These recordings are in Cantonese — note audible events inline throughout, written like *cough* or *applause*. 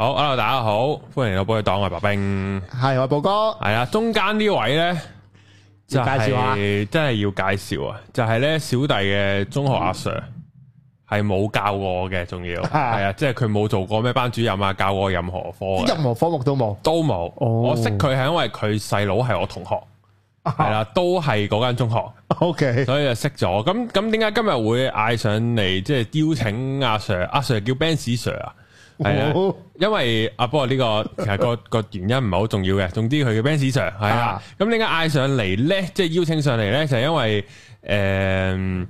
好，hello，大家好，歡迎寶寶我寶藥黨阿白兵，係阿寶哥，係、就是、啊，中間呢位咧，要介紹啊，真係要介紹啊，就係、是、咧小弟嘅中學阿 Sir，係冇、嗯、教過我嘅，仲要係啊， *laughs* 即係佢冇做過咩班主任啊，教過我任何科，任何科目都冇，都冇，哦、我識佢係因為佢細佬係我同學，係啦、哦，都係嗰間中學，OK，啊、所以就識咗，咁咁點解今日會嗌上嚟，即、就、係、是、邀請阿、啊、Sir，阿、啊、Sir 叫，叫 Benz Sir 啊。係啊，因為阿波呢、這個其實個個原因唔係好重要嘅，總之佢叫 Benz Sir 係啊。咁點解嗌上嚟咧？即係邀請上嚟咧，就係、是、因為誒誒、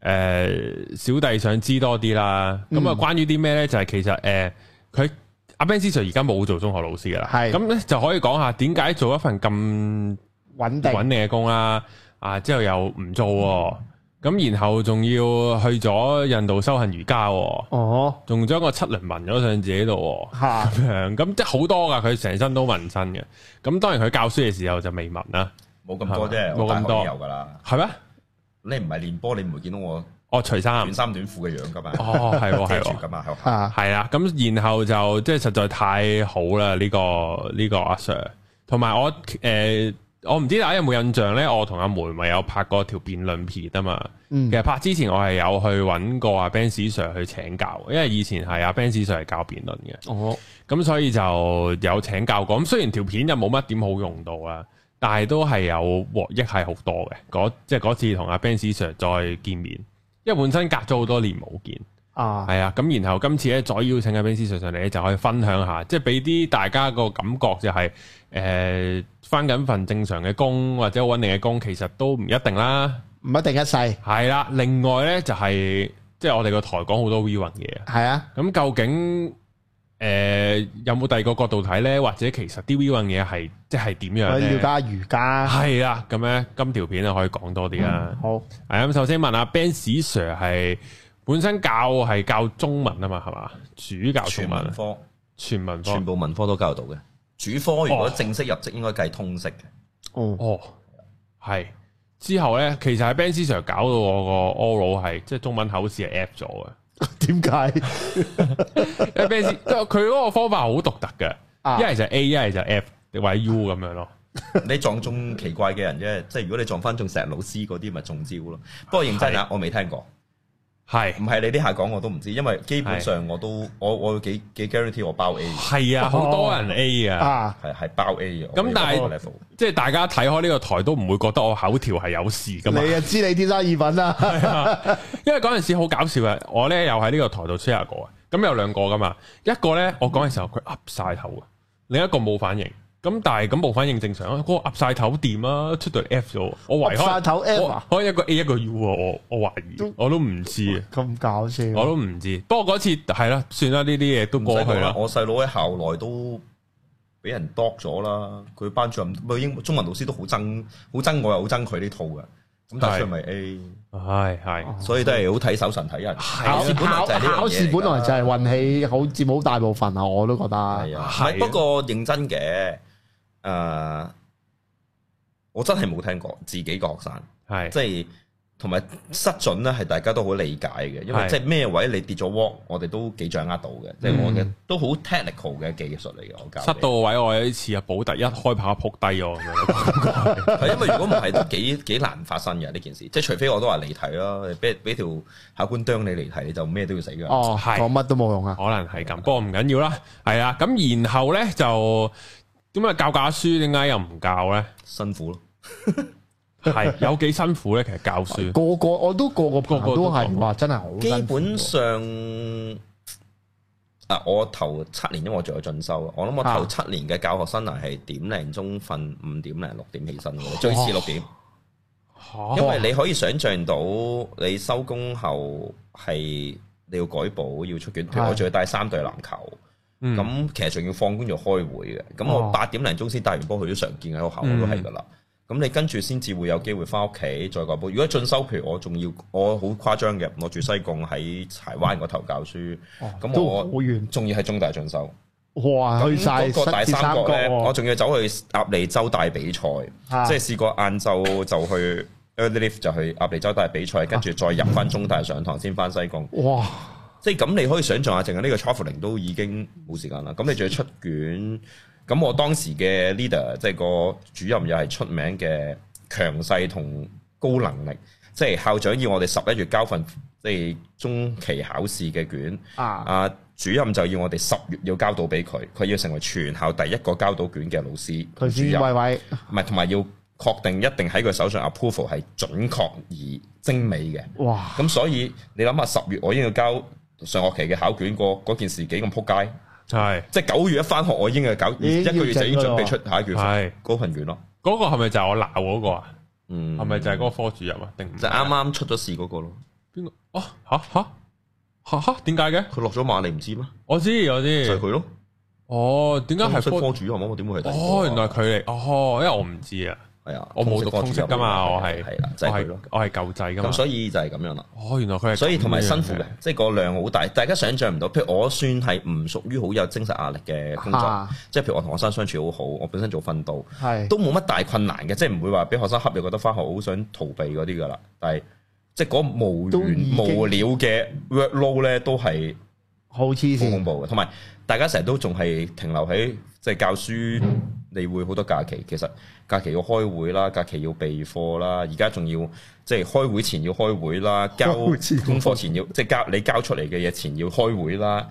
呃呃、小弟想知多啲啦。咁啊、嗯，關於啲咩咧？就係、是、其實誒，佢阿 Benz Sir 而家冇做中學老師噶啦。係咁咧，就可以講下點解做一份咁穩定穩定嘅工啦、啊。啊，之後又唔做、啊。嗯咁然後仲要去咗印度修行瑜伽，哦，仲將個七輪紋咗上自己度，吓咁、啊、樣，咁即係好多噶，佢成身都紋身嘅。咁當然佢教書嘅時候就未紋啦，冇咁多啫，冇咁是多有噶啦，係咩嗎？你唔係練波，你唔會見到我，哦，除衫短衫短褲嘅樣噶嘛，oh, 哦，係喎係喎，噶嘛、 *laughs* 啊，啊，係、嗯、啊，咁然後就即係實在太好啦，呢個呢個阿 Sir，同埋我誒。呃呃我唔知大家有冇印象呢？我同阿梅咪有拍過條辯論片啊嘛。嗯、其實拍之前我係有去揾過阿 Benz Sir 去請教，因為以前係阿 Benz Sir 係教辯論嘅。哦，咁所以就有請教過。咁雖然條片就冇乜點好用到啊，但係都係有獲益係好多嘅。嗰即係次同阿 Benz Sir 再見面，因為本身隔咗好多年冇見啊，係啊。咁然後今次咧再邀請阿 Benz Sir 上嚟咧，就可以分享下，即係俾啲大家個感覺就係、是、誒。呃翻緊份正常嘅工或者穩定嘅工，其實都唔一定啦。唔一定一世。係啦，另外咧就係即係我哋個台講好多 V One 嘢。係啊的。咁究竟誒、呃、有冇第二個角度睇咧？或者其實啲 V One 嘢係即係點樣咧？要加瑜伽。係啊，咁咧今條片啊可以講多啲啦、嗯。好。係咁，首先問下 Benz Sir 係本身教係教中文啊嘛，係嘛？主教中文科。全文科。全部文科都教到嘅。主科如果正式入職、哦、應該計通識嘅，哦，係之後咧，其實係 Benz Sir 搞到我個 oral 係即係中文口試係 F 咗嘅，點解？Benz Sir 佢嗰 *laughs* *laughs* 個方法好獨特嘅，一係就 A，一係就 F，定或者 U 咁樣咯。你撞中奇怪嘅人啫，即係如果你撞翻中石老師嗰啲咪中招咯。不過認真講，是我未聽過。係，唔係你呢下講我都唔知，因為基本上我都我我幾幾 guarantee 我包 A。係啊，好多人 A 啊，係係包 A 嘅。咁但係即係大家睇開呢個台都唔會覺得我口條係有事噶嘛？你啊知你天生意粉啊，係啊，因為嗰陣時好搞笑嘅，我咧又喺呢個台度吹下個啊，咁有兩個噶嘛，一個咧我講嘅時候佢 up 晒頭啊，另一個冇反應。咁但係咁冇反應正常啊，嗰個壓晒頭掂啊，出到嚟 F 咗，我懷疑壓晒頭 F 啊，可能一個 A 一個 U 啊，我我懷疑，我都唔知啊，咁搞笑，我都唔知。不過嗰次係啦，算啦，呢啲嘢都過去啦。我細佬喺校內都俾人 doc 咗啦，佢班主任、英中文老師都好憎，好憎我又好憎佢呢套嘅。咁但係咪 A？係係，所以都係好睇手神睇人。考試本來就係運氣，好似好大部分啊，我都覺得係啊。不過認真嘅。誒，uh, 我真係冇聽過自己個學生，係是即係同埋失準咧，係大家都好理解嘅，因為即係咩位你跌咗窩，我哋都幾掌握到嘅，即係是我哋都好 technical 嘅技術嚟嘅。我教失到位，我有一次啊，保達一開炮撲 *laughs* 低咗，係因為如果唔係都幾幾難發生嘅呢件事，即係除非我都話離題啦，俾俾條考官啄你離題，你就咩都要死噶。哦，係講乜都冇用啊。可能係咁，不過唔緊要啦，係啊，咁然後咧就。 *laughs* *laughs* 點解教假書？點解又唔教呢？辛苦咯是，係 *laughs* 有幾辛苦呢？其實教書個個我都個個都個個都係哇，真係好。基本上啊，我頭七年因為我做咗進修，我諗我頭七年嘅教學生涯係點零鐘瞓，五點零六點起身嘅，啊、最遲六點。因為你可以想象到你收工後係你要改簿要出卷，啊、我仲要帶三隊籃球。咁、嗯、其實仲要放工又開會嘅，咁我八點零鐘先帶完波，佢都常見喺個校都係噶啦。咁、嗯、你跟住先至會有機會翻屋企再過波。如果進修譬如我仲要，我好誇張嘅，我住西貢喺柴灣個頭教書，咁、嗯哦、我仲要喺中大進修。哇！去曬。那那個第三個咧，角哦、我仲要走去鴨脷洲大比賽，啊、即係試過晏晝就去 early leave 就去鴨脷洲大比賽，跟住再入翻中大上堂先翻西貢。啊、哇！即係咁，你可以想象下，淨係呢個 traveling 都已經冇時間啦。咁你仲要出卷？咁我當時嘅 leader，即係個主任，又係出名嘅強勢同高能力。即係校長要我哋十一月交份，即係中期考試嘅卷。啊，啊，主任就要我哋十月要交到俾佢，佢要成為全校第一個交到卷嘅老師。佢主任，喂喂，唔係同埋要確定一定喺佢手上 approval 係準確而精美嘅。哇！咁所以你諗下，十月我已經要交。上學期嘅考卷，過個件事幾咁撲街，係即係九月一翻學，我已經係九咦一個月就已經準備出下一卷，係嗰份卷咯。嗰是個係咪就我鬧嗰個啊？嗯，係咪就係嗰個科主任啊？定就啱啱出咗事嗰個咯？邊個？哦、啊，吓吓吓吓！點解嘅？佢落咗馬，你唔知咩？我知我知，就係佢咯。哦，點解係科主任？我點會係？哦，原來佢嚟。哦，因為我唔知啊。係啊，我冇讀通識噶嘛，我係係啦，就係咯，我係舊制噶嘛，咁所以就係咁樣啦。哦，原來佢係，所以同埋辛苦嘅，即係這樣 個量好大，大家想象唔到。譬如我算係唔屬於好有精神壓力嘅工作，即係、啊、哈 譬如我同學生相處好好，我本身做訓導，係、啊、哈 都冇乜大困難嘅，的即係唔會話俾學生恰，又覺得翻學好想逃避嗰啲噶啦。但係即係嗰個無完無了嘅 workload 咧，都係好黐線，好恐怖嘅。同埋大家成日都仲係停留喺即係教書、嗯。你會好多假期，其實假期要開會啦，假期要備課啦，而家仲要即係、就是、開會前要開會啦，交功課前要即係交你交出嚟嘅嘢前要開會啦，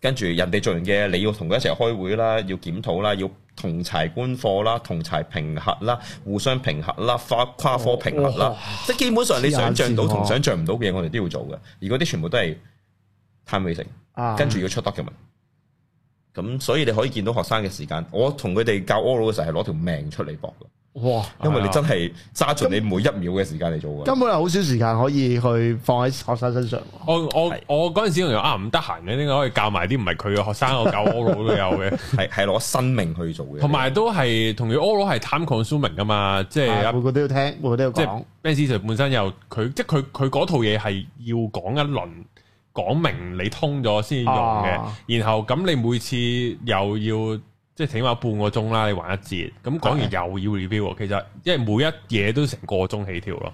跟住人哋做完嘅嘢你要同佢一齊開會啦，要檢討啦，要同齊觀課啦，同齊評核啦，互相評核啦，跨科評核啦，哦哦、即係基本上你想象到同想象唔到嘅嘢，我哋都要做嘅，而嗰啲全部都係 time wasting 跟住要出 document 咁所以你可以見到學生嘅時間，我同佢哋教 oral 嘅時候係攞條命出嚟搏嘅，哇！因為你真係揸住你每一秒嘅時間嚟做嘅，根本係好少時間可以去放喺學生身上。我我是我嗰陣時仲有啊唔得閒嘅，應該可以教埋啲唔係佢嘅學生 *laughs* 我教 oral 都有嘅，係係攞生命去做嘅。同埋都係同佢 oral 係 time consuming 噶嘛，即、就、係、是、每個都要聽，每個都要即講。Benz Sir 本身又佢即係佢佢嗰套嘢係要講一輪。講明你通咗先用嘅，啊、然後咁你每次又要即係起碼半個鐘啦，你玩一節，咁講、啊、完又要 review，其實因為每一嘢都成個鐘起跳咯。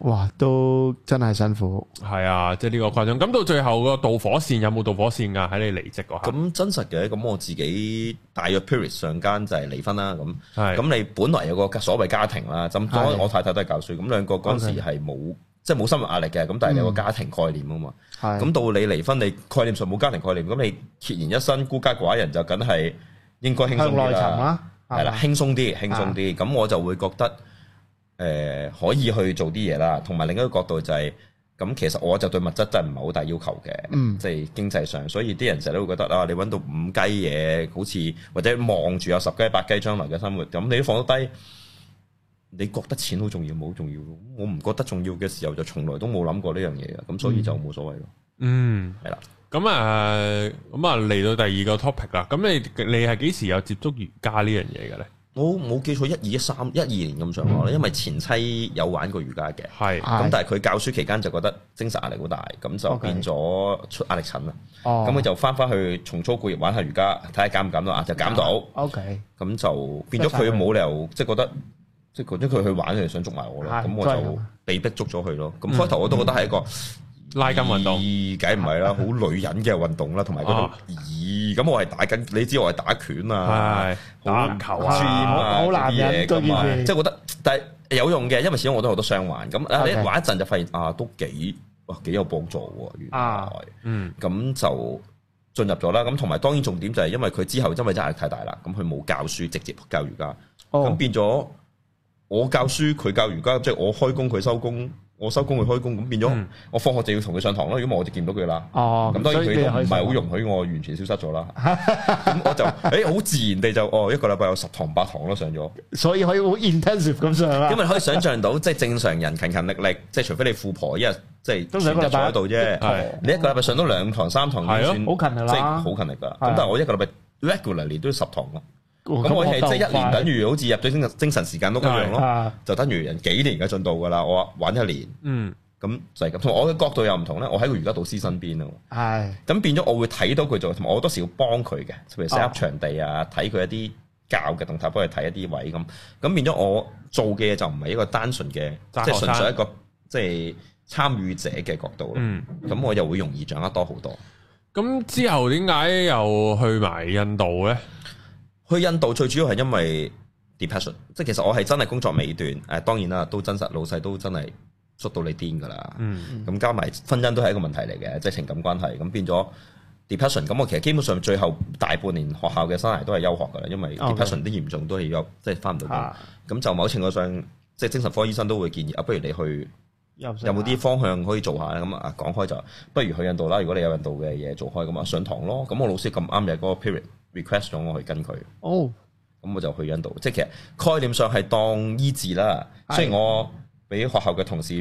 哇，都真係辛苦。係啊，即係呢個誇張。咁到最後個導火線有冇導火線噶？喺你離職嗰刻。咁真實嘅，咁我自己大約 period 上間就係離婚啦。咁，咁是你本來有個所謂家庭啦，咁當是我太太都係教書，咁兩個嗰陣時係冇。Okay. 即係冇生活壓力嘅，咁但係你有個家庭概念啊嘛。咁、嗯、到你離婚，你概念上冇家庭概念，咁你孑然一身、孤家寡人就梗係應該輕鬆啲啦。係啦、啊，輕鬆啲，輕鬆啲。咁、啊、我就會覺得誒、呃、可以去做啲嘢啦。同埋另一個角度就係、是，咁其實我就對物質真係唔係好大要求嘅。即係、嗯、經濟上，所以啲人成日都會覺得啊，你揾到五雞嘢，好似或者望住有十雞八雞，將來嘅生活，咁你都放得低。你覺得錢好重要冇重要？我唔覺得重要嘅時候，就從來都冇諗過呢樣嘢嘅，咁所以就冇所謂咯。嗯，係啦。咁啊，咁啊，嚟到第二個 topic 啦。咁你你係幾時有接觸瑜伽呢樣嘢嘅咧？我冇記錯，一二一三一二年咁上下咧，因為前妻有玩過瑜伽嘅，係。咁但係佢教書期間就覺得精神壓力好大，咁就變咗出壓力疹啦。咁佢就翻返去重操舊業玩下瑜伽，睇下減唔減到啊？就減到。OK。咁就變咗佢冇理由，即係覺得。即係嗰佢去玩，就想捉埋我咯。咁我就被逼捉咗佢咯。咁開頭我都覺得係一個拉筋運動。咦？梗唔係啦，好女人嘅運動啦，同埋嗰種咦？咁我係打緊，你知我係打拳啊，打球啊，好男人，即係覺得，但係有用嘅，因為始終我都好多傷患。咁你一玩一陣就發現啊，都幾哇，幾有幫助。原來，嗯，咁就進入咗啦。咁同埋當然重點就係因為佢之後因為真係壓力太大啦，咁佢冇教書，直接教瑜伽，咁變咗。我教書，佢教瑜伽。而家即係我開工，佢收工；我收工，佢開工。咁變咗，我放學就要同佢上堂咯。如果唔係，我就見唔到佢啦。哦，咁當然佢都唔係好容許我完全消失咗啦。咁我就，誒，好自然地就，哦，一個禮拜有十堂、八堂咯，上咗。所以可以好 intensive 咁上啦。因為可以想象到，即係正常人勤勤力力，即係除非你富婆一日，即係都選擇坐喺度啫。係，你一個禮拜上到兩堂、三堂，係咯，好勤力㗎啦，好勤力㗎。咁但係我一個禮拜 regularly 都要十堂咯。咁、哦、我係即係一年等於好似入咗精精神時間屋咁樣咯，啊啊、就等於人幾年嘅進度噶啦。我玩一年，嗯，咁就係咁。同我嘅角度又唔同咧，我喺個瑜伽導師身邊咯，係、哎。咁變咗我會睇到佢做，同埋我多時要幫佢嘅，譬如 set up 場地啊，睇佢、啊、一啲教嘅動態，幫佢睇一啲位咁。咁變咗我做嘅嘢就唔係一個單純嘅，即係純粹一個即係參與者嘅角度咯。咁、嗯、我又會容易掌握多好多。咁、嗯、之後點解又去埋印度咧？去印度最主要係因為 depression，即係其實我係真係工作尾段，誒當然啦，都真實老細都真係捉到你癲噶啦。嗯，咁加埋婚姻都係一個問題嚟嘅，即係情感關係，咁變咗 depression。咁我其實基本上最後大半年學校嘅生涯都係休學噶啦，因為 depression 啲 Okay. 嚴重都係要即係翻唔到嚟。咁、啊、就某程度上，即係精神科醫生都會建議啊，不如你去有冇啲方向可以做下咧？咁啊講開就不如去印度啦。如果你有印度嘅嘢做開咁啊，就上堂咯。咁我老師咁啱嘅嗰個 period。request 咗我去跟佢，哦，咁我就去印度。即係其實概念上係當醫治啦，所以我俾學校嘅同事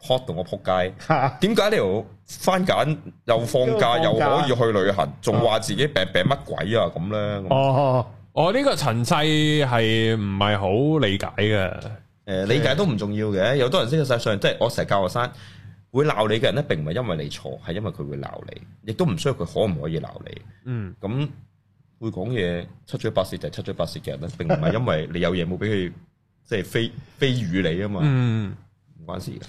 潑到我撲街。點解、啊、你又翻緊又放假又可以去旅行，仲話、哦、自己病病乜鬼啊咁咧、哦？哦、嗯、我呢個陳世係唔係好理解嘅，誒、嗯、理解都唔重要嘅。有多人先嘅事實上，即係我成日教學生會鬧你嘅人咧，並唔係因為你錯，係因為佢會鬧你，亦都唔需要佢可唔可以鬧你。嗯、咁、嗯。會講嘢七嘴八舌就係七嘴八舌嘅人啦，並唔係因為你有嘢冇俾佢，即係非非語你啊嘛，唔、嗯、關事嘅。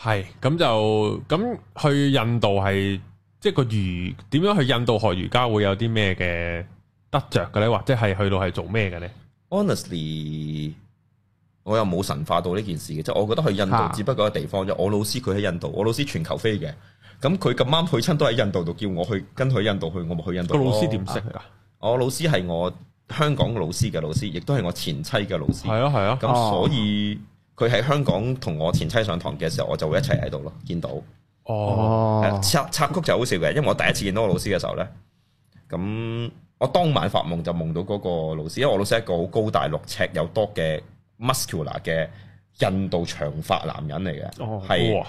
係咁就咁去印度係即係個瑜點樣去印度學瑜伽會有啲咩嘅得着嘅咧？或者係去到係做咩嘅咧？Honestly，我又冇神化到呢件事嘅，即係我覺得去印度只不過一個地方就、啊、我老師佢喺印度，我老師全球飛嘅，咁佢咁啱去親都喺印度度叫我去跟佢印度去，我咪去印度咯。個老師點識㗎？啊我老師係我香港老師嘅老師，亦都係我前妻嘅老師。係啊，係啊。咁、啊、所以佢喺香港同我前妻上堂嘅時候，我就會一齊喺度咯，見到。哦。插、嗯、曲就好笑嘅，因為我第一次見到我老師嘅時候呢，咁我當晚發夢就夢到嗰個老師，因為我老師係一個好高大六尺有多嘅 muscular 嘅印度長髮男人嚟嘅，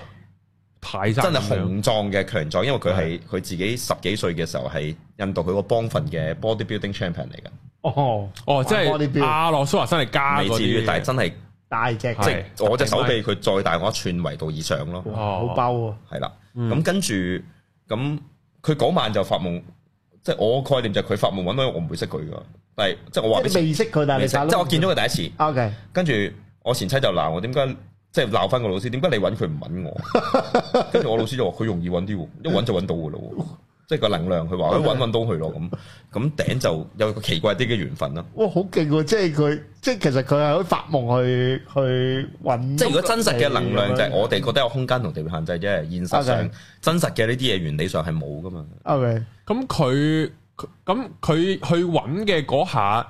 係、哦、真係雄壯嘅強壯，因為佢係佢自己十幾歲嘅時候係印度佢個邦份嘅 bodybuilding champion 嚟嘅，哦哦，即係阿羅舒華辛力加未至於，但係真係大隻，即係我隻手臂佢再大我一寸圍度以上咯，好包啊，係啦，咁跟住咁佢嗰晚就發夢，即係我概念就係佢發夢揾到我唔會識佢噶，係即係我話俾你未識佢，但係你即係我見咗佢第一次，ok，跟住我前妻就鬧我點解，即係鬧翻個老師，點解你揾佢唔揾我？跟住我老師就話佢容易揾啲，一揾就揾到噶咯。即係個能量，佢話可以搵，搵到佢咯，咁咁頂就有個奇怪啲嘅緣分啦。哇，好勁！即係佢，即係其實佢係去發夢去去搵。即係如果真實嘅能量就係我哋覺得有空間同地域限制啫。現實上 Okay. 真實嘅呢啲嘢，原理上係冇噶嘛。咁佢咁佢去搵嘅嗰下。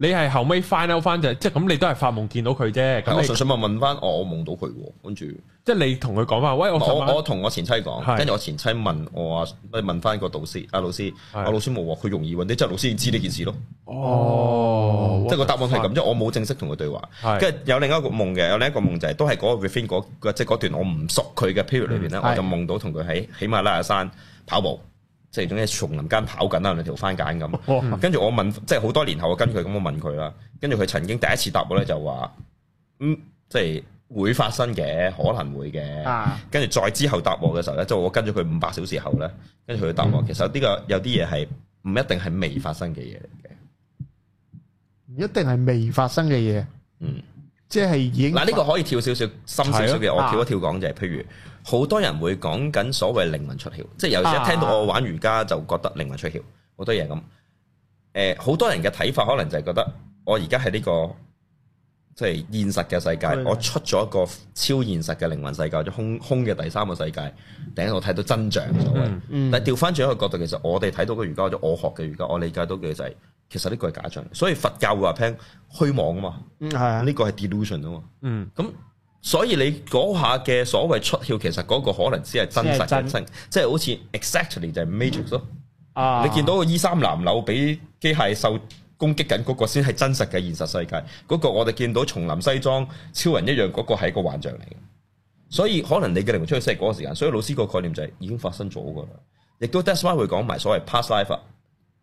你係後尾 find out 翻就，即係咁你都係發夢見到佢啫。我想想問問翻，我我夢到佢跟住，即係你同佢講話，喂我我同我前妻講，跟住我前妻問我啊，問翻個導師啊老師，我老師冇喎，佢容易揾，即係老師知呢件事咯。哦，即係個答案係咁，即係我冇正式同佢對話。跟住有另一個夢嘅，有另一個夢就係都係嗰個 refine 嗰即係段我唔熟佢嘅 period 裏邊咧，我就夢到同佢喺喜馬拉雅山跑步。即係總之叢林間跑緊啦，兩條番鹼咁。跟住、嗯、我問，即係好多年後我跟佢咁，我問佢啦。跟住佢曾經第一次答我咧，就話：嗯，即係會發生嘅，可能會嘅。跟住、啊、再之後答我嘅時候咧，即係我跟住佢五百小時後咧，跟住佢嘅答我。嗯、其實呢個有啲嘢係唔一定係未發生嘅嘢嚟嘅，唔一定係未發生嘅嘢。嗯，即係已經嗱，呢、這個可以跳少少深少少嘅，了我跳一跳講就係、是、譬如。好多人會講緊所謂靈魂出竅，即係有時一聽到我玩瑜伽就覺得靈魂出竅，好多嘢咁。誒、呃，好多人嘅睇法可能就係覺得我而家喺呢個即係現實嘅世界，嗯、我出咗一個超現實嘅靈魂世界，或者空空嘅第三個世界，頂我睇到真象。但係調翻轉一個角度，其實我哋睇到嘅瑜伽，就我學嘅瑜伽，我理解到嘅就係、是、其實呢個係假象，所以佛教會話聽虛妄啊嘛，呢、嗯嗯、個係 delusion 啊嘛、嗯，咁、嗯。所以你嗰下嘅所謂出竅，其實嗰個可能只係真實人生，真即係好似 exactly 就 Matrix 咯、嗯。啊！你見到個衣衫襤褸，俾機械獸攻擊緊嗰個先係真實嘅現實世界，嗰、那個我哋見到叢林西裝超人一樣嗰個係一個幻象嚟嘅。所以可能你嘅靈魂出去即係嗰個時間。所以老師個概念就係已經發生咗噶啦。亦都 that's why 會講埋所謂 past life。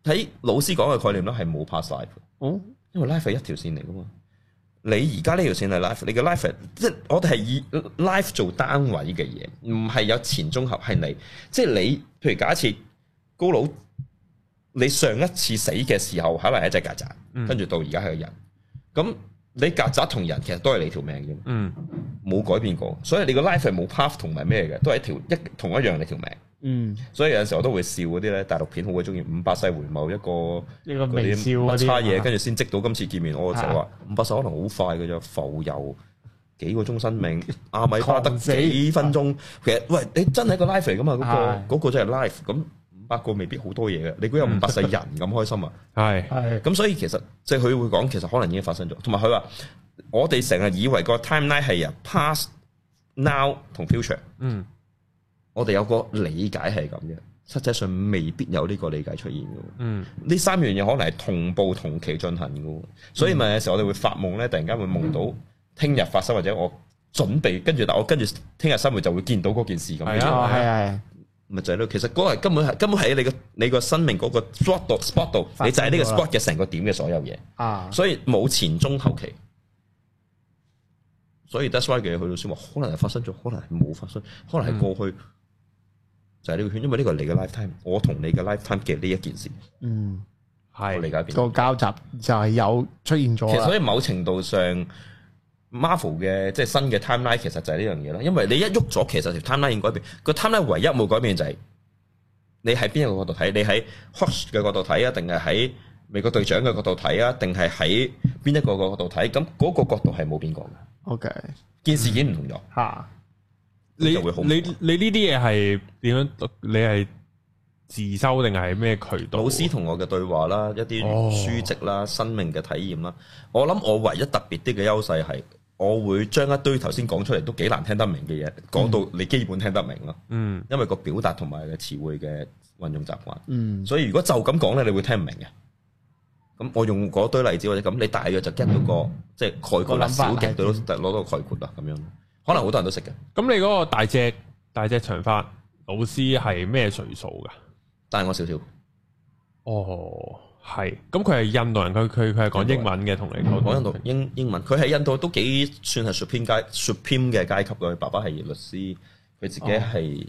喺老師講嘅概念咧，係冇 past life。嗯，因為 life 係一條線嚟噶嘛。你而家呢條線係 life，你個 life 即係我哋係以 life 做單位嘅嘢，唔係有前中後係你，即係你。譬如假設高佬，你上一次死嘅時候可能係一隻曱甴，跟住到而家係個人，咁、嗯、你曱甴同人其實都係你條命嘅，冇改變過。所以你個 life 係冇 path 同埋咩嘅，都係一條一同一樣你條命。嗯，所以有陣時候我都會笑嗰啲咧，大陸片好鬼中意五百世回眸一個，呢個笑嗰差嘢跟住先積到今次見面。我就話五百世可能好快嘅啫，浮游幾個鐘生命，阿、啊、米巴是得幾分鐘。啊、其實喂，你真係一個 life 嚟噶嘛？嗰、那個的個真係 life。咁五百個未必好多嘢嘅，你估有五百世人咁開心啊？係係、嗯。咁的所以其實即係佢會講，其實可能已經發生咗。同埋佢話我哋成日以為個 timeline 係啊 past now 同 future。嗯。我哋有個理解係咁嘅，實際上未必有呢個理解出現嘅。嗯，呢三樣嘢可能係同步同期進行嘅，所以咪有陣時候我哋會發夢咧，突然間會夢到聽日發生、嗯、或者我準備跟住，但我跟住聽日生活就會見到嗰件事咁樣。係咪就係咯。啊啊、其實嗰個根本係根本係你個你個生命嗰個 spot 度 spot 度，你就喺呢個 spot 嘅成個點嘅所有嘢。啊，所以冇前中後期，所以 that’s why 嘅佢老孫話可能係發生咗，可能係冇發生，可能係過去、嗯。就係呢個圈，因為呢個係你嘅 lifetime，我同你嘅 lifetime 嘅呢一件事。嗯，係，我理解。個交集就係有出現咗。其實所以某程度上 Marvel 嘅即係新嘅 timeline 其實就係呢樣嘢啦。因為你一喐咗，其實條 timeline 已經改變。個 timeline 唯一冇改變就係你喺邊一個角度睇，你喺 Hush 嘅角度睇啊，定係喺美國隊長嘅角度睇啊，定係喺邊一個角度睇？咁嗰個角度係冇變過嘅。OK，件事已經唔同咗。嚇、嗯、～你你呢啲嘢係點樣？你係自修定係咩渠道？老師同我嘅對話啦，一啲書籍啦，oh. 生命嘅體驗啦。我諗我唯一特別啲嘅優勢係，我會將一堆頭先講出嚟，都幾難聽得明嘅嘢，講到你基本聽得明咯。嗯，mm. 因為個表達同埋個詞彙嘅運用習慣。嗯，mm. 所以如果就咁講咧，你會聽唔明嘅。咁我用嗰堆例子或者咁，你大約就 get 到個即係概括啦，小嘅對攞到個概括啦，咁樣。可能好多人都識嘅。咁你嗰個大隻大隻長髮老師係咩歲數噶？大我少少。哦，係。咁佢係印度人，佢佢佢係講英文嘅，同你講講印度、人、嗯、印度英英文。佢喺印度都幾算係 supreme 階 supreme 嘅階級。佢爸爸係律師，佢自己係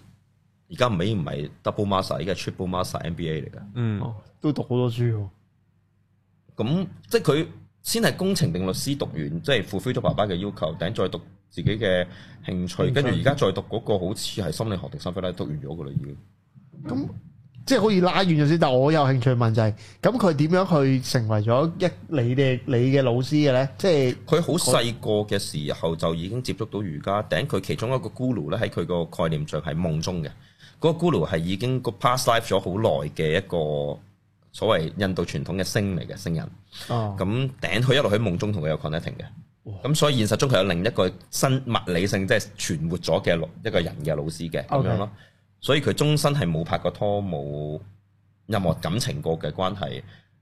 而家唔係唔係 double master，而家 triple master，MBA 嚟噶。嗯、哦，都讀好多書、啊。咁即係佢先係工程定律師讀完，即、就、係、是、符合咗爸爸嘅要求，等再讀。自己嘅興趣，跟住而家再讀嗰個好似係心理學定心肺，學，讀完咗個啦已經。咁即係可以拉遠咗先。但係我有興趣問就係，咁佢點樣去成為咗一你哋你嘅老師嘅咧？即係佢好細個嘅時候就已經接觸到瑜伽。頂佢那其中一個 Guru 咧，喺佢個概念上係夢中嘅。嗰個 Guru 係已經個 past life 咗好耐嘅一個所謂印度傳統嘅僧嚟嘅僧人。哦。咁頂佢一路喺夢中同佢有 contacting 嘅。咁、嗯、所以現實中佢有另一個新物理性，即係存活咗嘅一個人嘅老師嘅咁 Okay. 樣咯，所以佢終身係冇拍過拖，冇任何感情過嘅關係，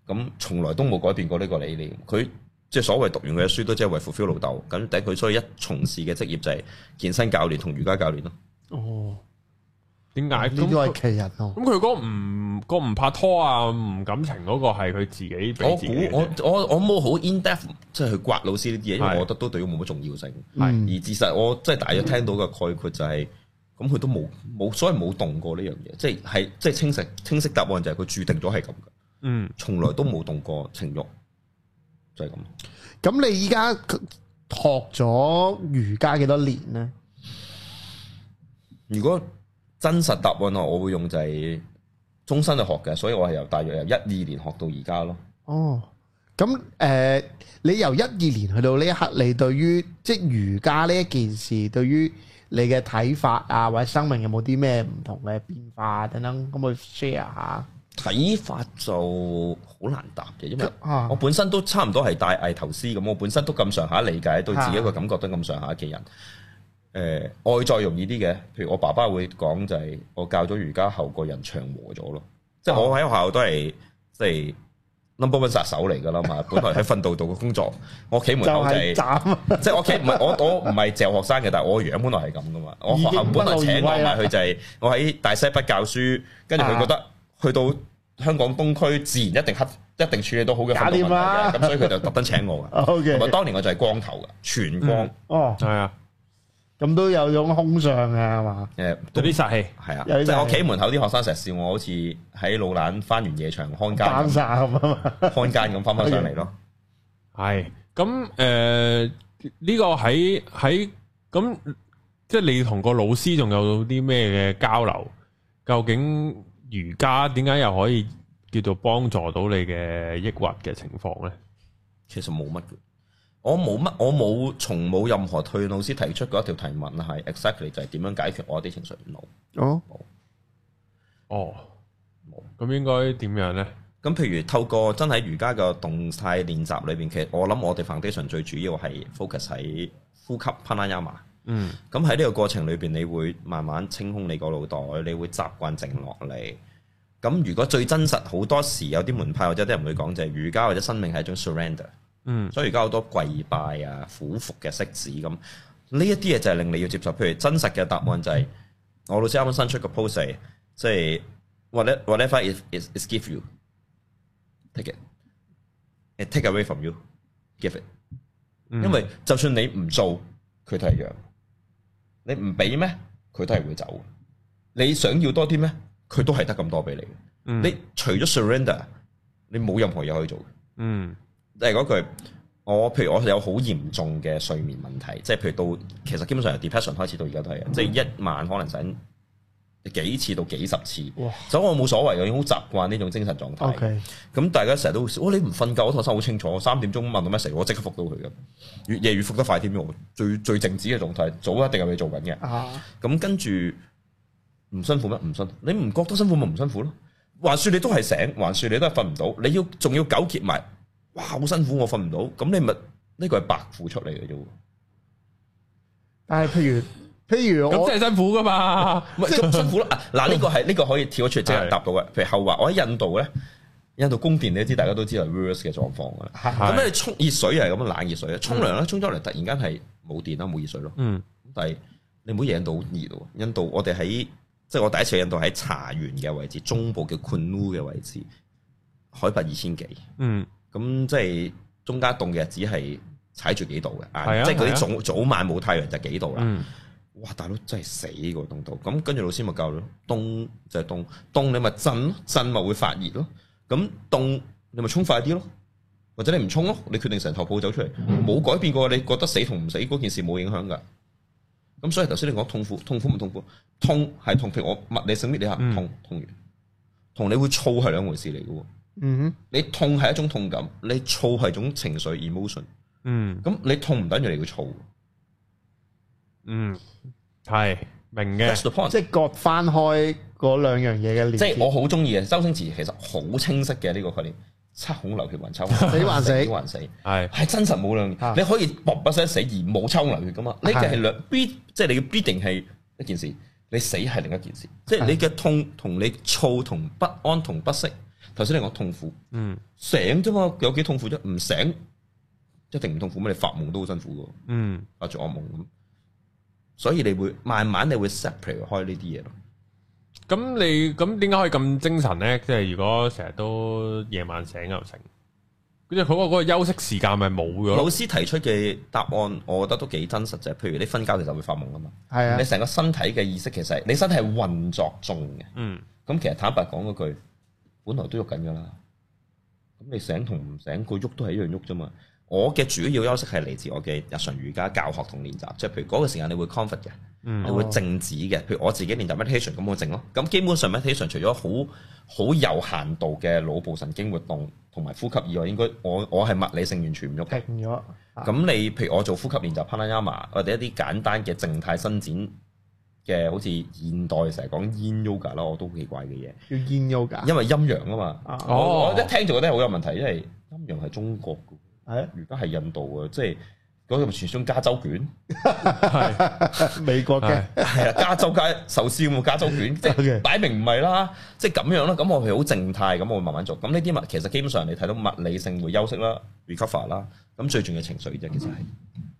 咁、嗯、從來都冇改變過呢個理念。佢即係所謂讀完佢嘅書，都即係為 fulfill 老豆。咁第一佢所以一從事嘅職業就係健身教練同瑜伽教練咯。哦。Oh. 點解？都係其人囉，咁佢嗰唔嗰唔拍拖啊，唔、那個、感情嗰個係佢自己，自己我。我我我我冇好 in depth，即係刮老師啲嘢，是因為我覺得都對於冇乜重要性。係是而事實我即係、就是、大約聽到嘅概括就係、是，咁佢都冇冇，所謂冇動過呢樣嘢，即係係即係清晰清晰答案就係佢注定咗係咁嘅。嗯，從來都冇動過情欲，就係、是、咁。咁、嗯、你依家學咗瑜伽幾多年咧？如果真實答案我會用就係終身去學嘅，所以我係由大約由一二年學到而家咯。哦，咁誒、呃，你由一二年去到呢一刻，你對於即係瑜伽呢一件事，對於你嘅睇法啊，或者生命有冇啲咩唔同嘅變化、啊、等等，可唔可以 share 下？睇法就好難答嘅，因為我本身都差唔多係大藝頭師咁，我本身都咁上下理解，對自己個感覺都咁上下嘅人。誒外在容易啲嘅，譬如我爸爸會講就係我教咗瑜伽後個人祥和咗咯，即係我喺學校都係即係 number one 殺手嚟噶啦嘛，本來喺訓導度嘅工作，我企門口就係、斬、即係我企唔係我我唔係嚼學生嘅，但係我樣本來係咁噶嘛，我學校本來請埋佢就係我喺大西北教書，跟住佢覺得去到香港東區自然一定黑一定處理到好嘅訓導問題，搞掂啦，咁所以佢就特登請我噶，同埋、啊 okay、當年我就係光頭噶，全光，嗯、哦，係啊。咁都有種空相嘅係嘛？誒、嗯，啲殺氣係啊，即係的我企門口啲學生成日笑我，好似喺老蘭翻完夜場，看奸奸殺， *laughs* 看奸咁翻翻上嚟咯。係咁誒，呢、呃這個喺喺咁，即係你同個老師仲有啲咩嘅交流？究竟瑜伽點解又可以叫做幫助到你嘅抑鬱嘅情況咧？其實冇乜。我冇乜，我冇，從冇任何退路老師提出過一條提問，係 exactly 就係點樣解決我啲情緒唔好？哦，有哦，冇。咁應該點樣呢？咁譬如透過真喺瑜伽嘅動態練習裏邊，其實我諗我哋 foundation 最主要係 focus 喺呼吸、pranayama。嗯。咁喺呢個過程裏邊，你會慢慢清空你個腦袋，你會習慣靜落嚟。咁如果最真實，好多時有啲門派或者啲人會講，就係瑜伽或者生命係一種 surrender。嗯，所以而家好多跪拜啊、俯伏嘅色字咁，呢一啲嘢就係令你要接受。譬如真實嘅答案就係、是，我老師啱啱新出個 pose 即係 whatever it is give you，take it a take away from you，give it、嗯。因為就算你唔做，佢都係一樣；你唔俾咩，佢都係會走。你想要多啲咩，佢都係得咁多俾你。嗯、你除咗 surrender，你冇任何嘢可以做。嗯。即係嗰句，我譬如我有好嚴重嘅睡眠問題，即係譬如到其實基本上由 depression 開始到而家都係，即係一晚可能醒幾次到幾十次，就我冇所謂嘅，我已經好習慣呢種精神狀態。咁大家成日都話，哇，你唔瞓覺，我頭先好清楚，三點鐘問到咩事，我即刻複到佢嘅，越夜越複得快添。最最靜止嘅狀態，早一定係你做緊嘅。咁跟住唔辛苦咩？唔辛苦，你唔覺得辛苦咪唔辛苦咯？還說你都係醒，還說你都係瞓唔到，你要仲要糾結埋？哇，好辛苦，我瞓唔到。咁你咪呢個係白付出嚟嘅啫。但係譬如譬如我咁真係辛苦噶嘛， *laughs* 即咁辛苦咯。嗱呢、 *laughs* 啊這個係呢、這個可以跳咗出嚟，即係答到嘅。譬如後話，我喺印度咧，印度供電，你都知，大家都知係 worse 嘅狀況噶啦。咁是是 你沖熱水係咁樣冷熱水啊，沖涼啦，沖咗嚟突然間係冇電啦，冇熱水咯。嗯，但係你唔好影到熱度。印度我哋喺即係我第一次印度喺茶園嘅位置，中部叫昆烏嘅位置，海拔二千幾。嗯。嗯咁即係中間凍嘅日子係踩住幾度嘅啊！即係嗰啲早早晚冇太陽就幾度啦。哇！大佬真係死個凍到咁，跟住老師咪教咯，凍就係凍，凍你咪震咯，震咪會發熱咯。咁凍你咪沖快啲咯，或者你唔沖咯，你決定成頭步走出嚟，冇改變過。你覺得死同唔死嗰件事冇影響噶。咁所以頭先你講痛苦，痛苦唔痛苦，痛係痛，譬如我物理性畀你唔痛痛完，同你會燥係兩回事嚟嘅。嗯，你痛係一種痛感，你躁係一種情緒 emotion。嗯，咁你痛唔等於你嘅燥？嗯，係明嘅，即係割翻開嗰兩樣嘢嘅連結，即係我好中意嘅，周星馳其實好清晰嘅呢個概念。七孔流血還七孔流血，死還死還死，係係真實冇兩。你可以搏不使死而冇七孔流血噶嘛？呢個係兩必，即係你嘅必定係一件事，你死係另一件事。即係你嘅痛同你燥同不安同不適。頭先你講痛苦，嗯、醒啫嘛，有幾痛苦啫？唔醒一定唔痛苦咩？你發夢都好辛苦嘅。嗯，或做噩夢咁，所以你會慢慢你會 separate 開呢啲嘢咯。咁你咁點解可以咁精神咧？即係如果成日都夜晚醒又醒，嗰隻嗰個休息時間咪冇咗。老師提出嘅答案，我覺得都幾真實啫。就係、譬如你瞓覺你就會發夢啊嘛，你成個身體嘅意識其實你身體運作中嘅。嗯，咁其實坦白講嗰句。本來都喐緊㗎啦，咁你醒同唔醒，佢喐都係一樣喐啫嘛。我嘅主要休息係嚟自我嘅日常瑜伽教學同練習，即係譬如嗰個時間你會 comfort 嘅，嗯、你會靜止嘅。哦、譬如我自己練習 meditation，咁我靜咯。咁基本上 meditation 除咗好好有限度嘅腦部神經活動同埋呼吸以外，應該我我係物理性完全唔喐停咗。咁、啊、你譬如我做呼吸練習，pranayama 或者一啲簡單嘅靜態伸展。嘅好似現代成日講 Yin Yoga 啦，我都好奇怪嘅嘢。叫 Yin Yoga？因為陰陽啊嘛。哦，oh, oh, oh. 我一聽就覺得好有問題，因為陰陽係中國嘅，係啊，而家係印度嘅，即係。嗰個傳説中加州卷，係 *laughs* 是美國嘅係啊加州雞壽司咁嘅加州卷，即係擺 Okay. 明唔係啦，即係咁樣啦。咁我係好靜態，咁我會慢慢做。咁呢啲物其實基本上你睇到物理性會休息啦，recover 啦。咁最重要情緒啫，其實係。嗯，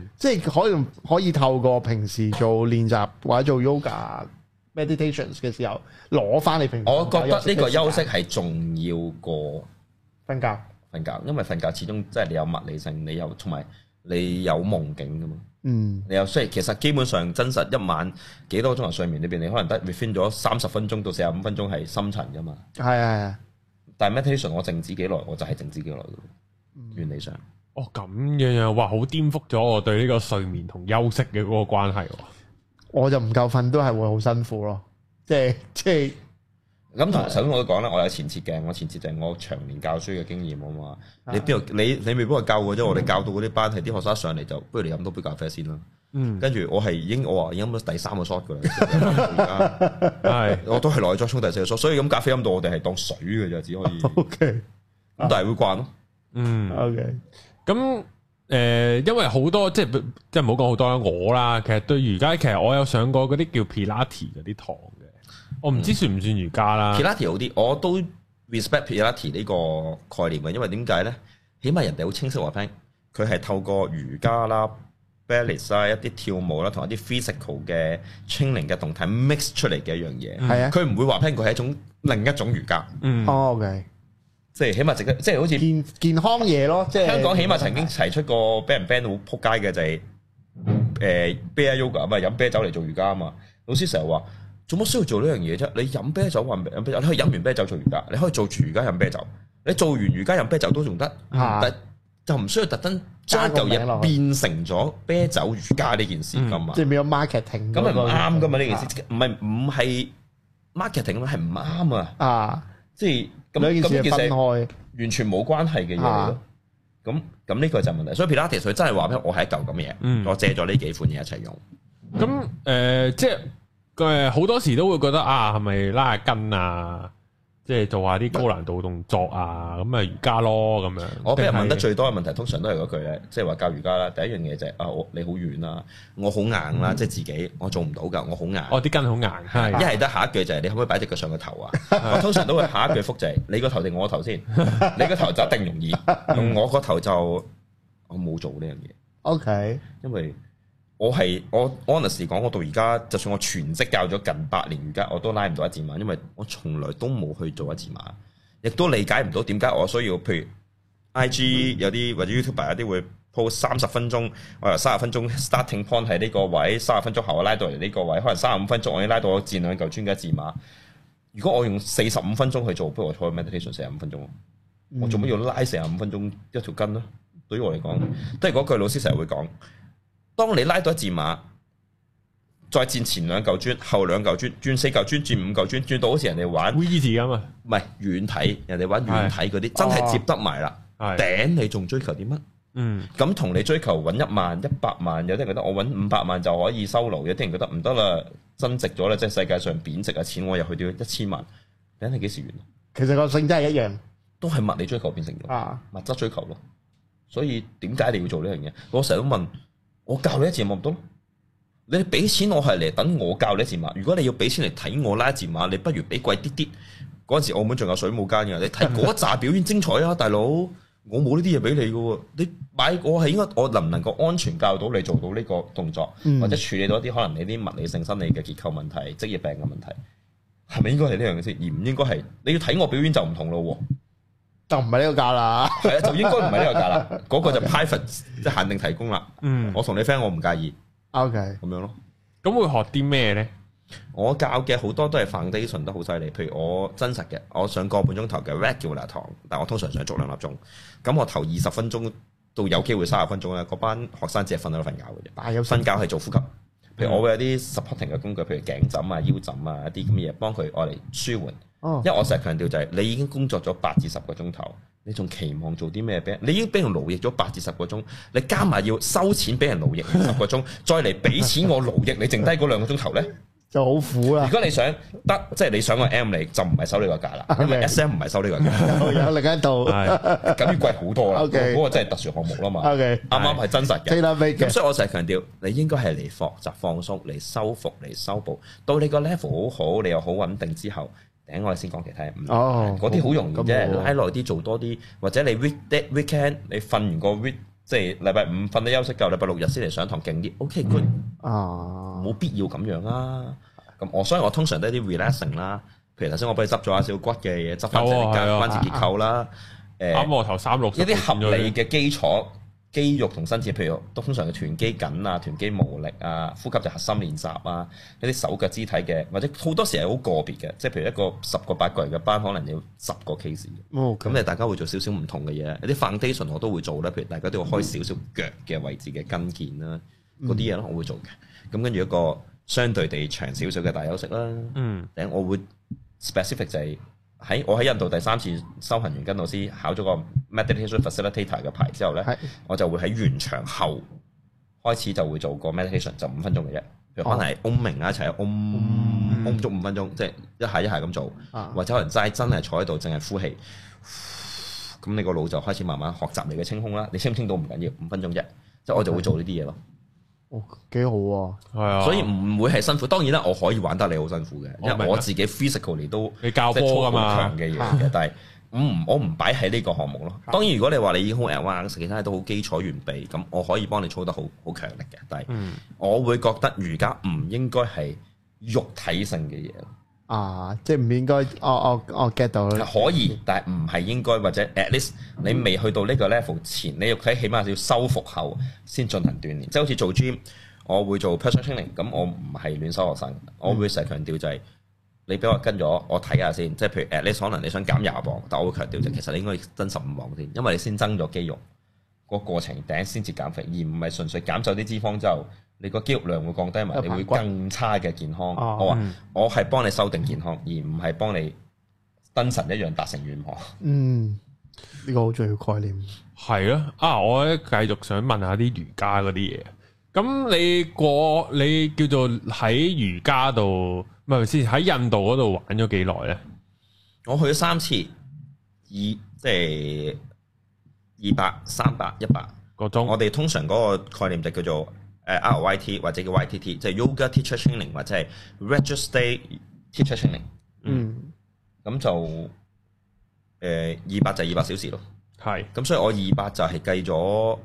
嗯即係可以可以透過平時做練習或者做 yoga meditations 嘅時候攞翻你平時。我覺得呢個休息係重要過瞓覺，瞓覺，因為瞓覺始終即係你有物理性，你又同埋。你有夢境噶嘛，嗯？嗯，你又雖然其實基本上真實一晚幾多鐘頭睡眠裏邊，你可能得 refine 咗三十分鐘到四十五分鐘係深層噶嘛？係係啊，但 meditation 我靜止幾耐，我就係靜止幾耐、嗯、原理上。哦，咁樣樣、啊、哇，好顛覆咗我對呢個睡眠同休息嘅嗰個關係、啊。我就唔夠瞓都係會好辛苦咯，即係即係。就是咁同首先我都講啦，我有前設嘅，我前設就係我長年教書嘅經驗啊嘛。你邊度？你你未幫我教過啫。我哋教到嗰啲班係啲學生上嚟就，不如你飲多杯咖啡先啦。嗯，跟住我係已經 shot, 笑 Imperial social 我話飲咗第三個 shot 嘅啦。係，我都係落去再衝第四個 shot。所以咁咖啡飲到我哋係當水嘅啫，只可以。O K。咁但係會慣咯。嗯。O K。咁誒，因為好多即係即係唔好講好多啦。我啦，其實對而家，其實我有上過嗰啲叫 Pilates 嗰啲堂。我唔知算唔算瑜伽啦。Pilates 好啲，我都 respect Pilates 呢個概念嘅，因為點解咧？起碼人哋好清晰話，佢係透過瑜伽啦、balance 啦、嗯、一啲跳舞啦，同一啲 physical 嘅、清靈嘅動態 mix 出嚟嘅一樣嘢。係啊，佢唔會話佢係一種另一種瑜伽。嗯、哦、OK。即係起碼即係即係好似健健康嘢咯。即、就、係、是、香港起碼曾經提出過俾人 ban 到好仆街嘅就係誒 beer yoga 啊嘛，飲、嗯呃、啤酒嚟做瑜伽啊嘛。老師成日話。做乜需要做呢樣嘢啫？你飲啤酒運，啤酒你可以飲完啤酒做瑜伽，你可以做住瑜伽飲啤酒，你做完瑜伽飲啤酒都仲得，但就唔需要特登將嚿嘢變成咗啤酒瑜伽呢件事咁啊。即係 marketing 咁係啱噶嘛？呢件事唔係唔係 marketing 係唔啱啊！啊，即係咁咁叫，完全冇關係嘅嘢咯。咁咁呢個就問題。所以 Pilates 佢真係話俾我，我係一嚿咁嘢，我借咗呢幾款嘢一齊用。咁誒，即係。好多時都會覺得啊，係咪拉下筋啊？即係做下啲高難度動作啊？咁咪瑜伽咯咁樣。我俾人問得最多嘅問題，通常都係嗰句咧，即係話教瑜伽啦。第一樣嘢就係、是、啊，我、哦、你好軟啦，我好硬啦，即係自己我做唔到噶，我好硬。嗯、我啲筋好硬，係、哦。一係得下一句就係、是、你可唔可以擺隻腳上個頭啊？ *laughs* 我通常都會下一句複、就、制、是，你個頭定我個頭先？ *laughs* 你個頭就一定容易， *laughs* 用我個頭就我冇做呢樣嘢。OK，因為。我係我安德士講，我到而家，就算我全職教咗近八年，而家我都拉唔到一字馬，因為我從來都冇去做一字馬，亦都理解唔到點解我需要，譬如 IG 有啲或者 YouTuber 有啲會 post 三十分鐘，我由三十分鐘 starting point 喺呢個位，三十分鐘後我拉到嚟呢個位，可能三十五分鐘我已經拉到一字兩嚿磚嘅一字馬。如果我用四十五分鐘去做，不如我做 meditation 四十五分鐘。我做乜要拉四十五分鐘一條筋呢？對於我嚟講，嗯、都係嗰句老師成日會講。當你拉到一字馬，再箭前兩嚿磚，後兩嚿磚，轉四嚿磚，轉五嚿磚，轉到好似人哋玩，二字咁啊，唔係軟體，人哋玩軟體嗰啲，的真係接得埋啦。係頂的你仲追求啲乜？嗯，咁同你追求搵一萬、一百萬，有啲人覺得我搵五百萬就可以收樓，有啲人覺得唔得啦，增值咗啦，即係世界上貶值嘅錢，我又去到一千萬，頂係幾時完？其實個性質係一樣，都係物理追求變成咗物質追求咯。所以點解你要做呢樣嘢？我成日都問。我教你一字馬唔多你俾錢我係嚟，等我教你一字馬。如果你要俾錢嚟睇我拉一字馬，你不如俾貴啲啲。嗰陣時澳門仲有水舞間嘅，你睇嗰一扎表演精彩啊，大佬！我冇呢啲嘢俾你嘅，你買我係應該，我能唔能夠安全教到你做到呢個動作，或者處理到一啲可能你啲物理性、生理嘅結構問題、職業病嘅問題，係咪應該係呢樣嘅先？而唔應該係你要睇我表演就唔同咯。就唔係呢個價啦，係啊，就應該唔係呢個價啦。嗰個就 private 即係限定提供啦。嗯，我同你 friend 我唔介意。O K，咁樣咯。咁會學啲咩咧？我教嘅好多都係 foundation 都好犀利。譬如我真實嘅，我上個半鐘頭嘅 regular 堂、er，但我通常上足兩粒鐘。咁我頭二十分鐘到有機會三十分鐘啊，嗰班學生只係瞓喺度瞓覺嘅啫。啊，有瞓覺係做呼吸。譬如我會有啲 supporting 嘅工具，譬如頸枕啊、腰枕啊一啲咁嘅嘢，幫佢我嚟舒緩。因為我成日強調就係你已經工作咗八至十個鐘頭，你仲期望做啲咩俾人？你已經俾人勞役咗八至十個鐘，你加埋要收錢俾人勞役十個鐘，再嚟俾錢我勞役，你剩低嗰兩個鐘頭咧就好苦啦！如果你想得，即係你想個 M 嚟，就唔係收呢個價啦。因為 S M 唔係收呢個價。有另一度，咁要貴好多啦。嗰個真係特殊項目啦嘛。啱啱係真實嘅。咁所以我成日強調，你應該係嚟學習放鬆，嚟修復，嚟修補。到你個 level 好好，你又好穩定之後。第我哋先講其他，唔嗰啲好容易嘅，嗯嗯、拉耐啲做多啲，或者你 weekday weekend 你瞓完個 week 即係禮拜五瞓得休息夠，禮拜六日先嚟上堂勁啲。嗯、OK good，啊冇必要咁樣啦、啊。咁我所以我通常都一啲 relaxing 啦，譬如頭先我幫你執咗下少骨嘅嘢，執翻隻關節結構啦，誒啱我頭三六一啲合理嘅基礎。啊肌肉同身體，譬如都通常嘅臀肌緊啊、臀肌無力啊、呼吸就核心練習啊，一啲手腳肢體嘅，或者好多時係好個別嘅，即係譬如一個十個八個人嘅班，可能要十個 case。哦，咁咧、嗯、大家會做少少唔同嘅嘢，有啲 foundation 我都會做啦，譬如大家都要開少少腳嘅位置嘅筋腱啦，嗰啲嘢咯，我會做嘅。咁跟住一個相對地長少少嘅大休息啦。嗯，誒，我會 specific 就係、是。喺我喺印度第三次修行完跟、ok、老師考咗個 meditation facilitator 嘅牌之後咧，是我就會喺完場後開始就會做個 meditation，就五分鐘嘅啫，譬如可能係嗡鳴啊一齊嗡嗡足五分鐘，即、就、係、是、一下一下咁做，啊、或者可能齋真係坐喺度淨係呼氣，咁你個腦就開始慢慢學習你嘅清空啦。你清唔清到唔緊要，五分鐘啫，即係我就會做呢啲嘢咯。嗯。哦、幾好啊，係啊，所以唔會係辛苦。當然啦，我可以玩得你好辛苦嘅，因為我自己 physically 都操你教科噶好強嘅嘢。但係，唔我唔擺喺呢個項目咯。當然，如果你話你已經好 advanced 其他都好基礎完備，咁我可以幫你操得好好強力嘅。但係，我會覺得瑜伽唔應該係肉體性嘅嘢。啊！即係唔應該，我我我 get 到啦。可以，但係唔係應該，或者 *noise* at least 你未去到呢個 level 前，你要喺起碼要修復後先進行鍛煉。即係好似做 gym，我會做 personal training，咁我唔係亂收學生。我會成日強調就係、是嗯、你俾我跟咗，我睇下先看看。即係譬如 At least，可能你想減廿磅，但我會強調就是嗯、其實你應該增十五磅先，因為你先增咗肌肉嗰、那個、過程，第一先至減肥，而唔係純粹減咗啲脂肪之後。你個肌肉量會降低埋，骨你會更差嘅健康。啊、我話我係幫你修定健康，嗯、而唔係幫你燈神一樣達成願望。嗯，呢、這個好重要概念。係咯，啊，我咧繼續想問下啲瑜伽嗰啲嘢。咁你過你叫做喺瑜伽度，唔係先喺印度嗰度玩咗幾耐咧？我去咗三次，二即係二百、三百、一百個鐘。我哋通常嗰個概念就叫做。誒，RYT 或者叫 YTT，即係 Yoga Teacher Training 或者係 Register Teacher Training。嗯，咁、嗯、就誒，二、呃、百就二百小時咯。係、嗯。咁所以我二百就係計咗，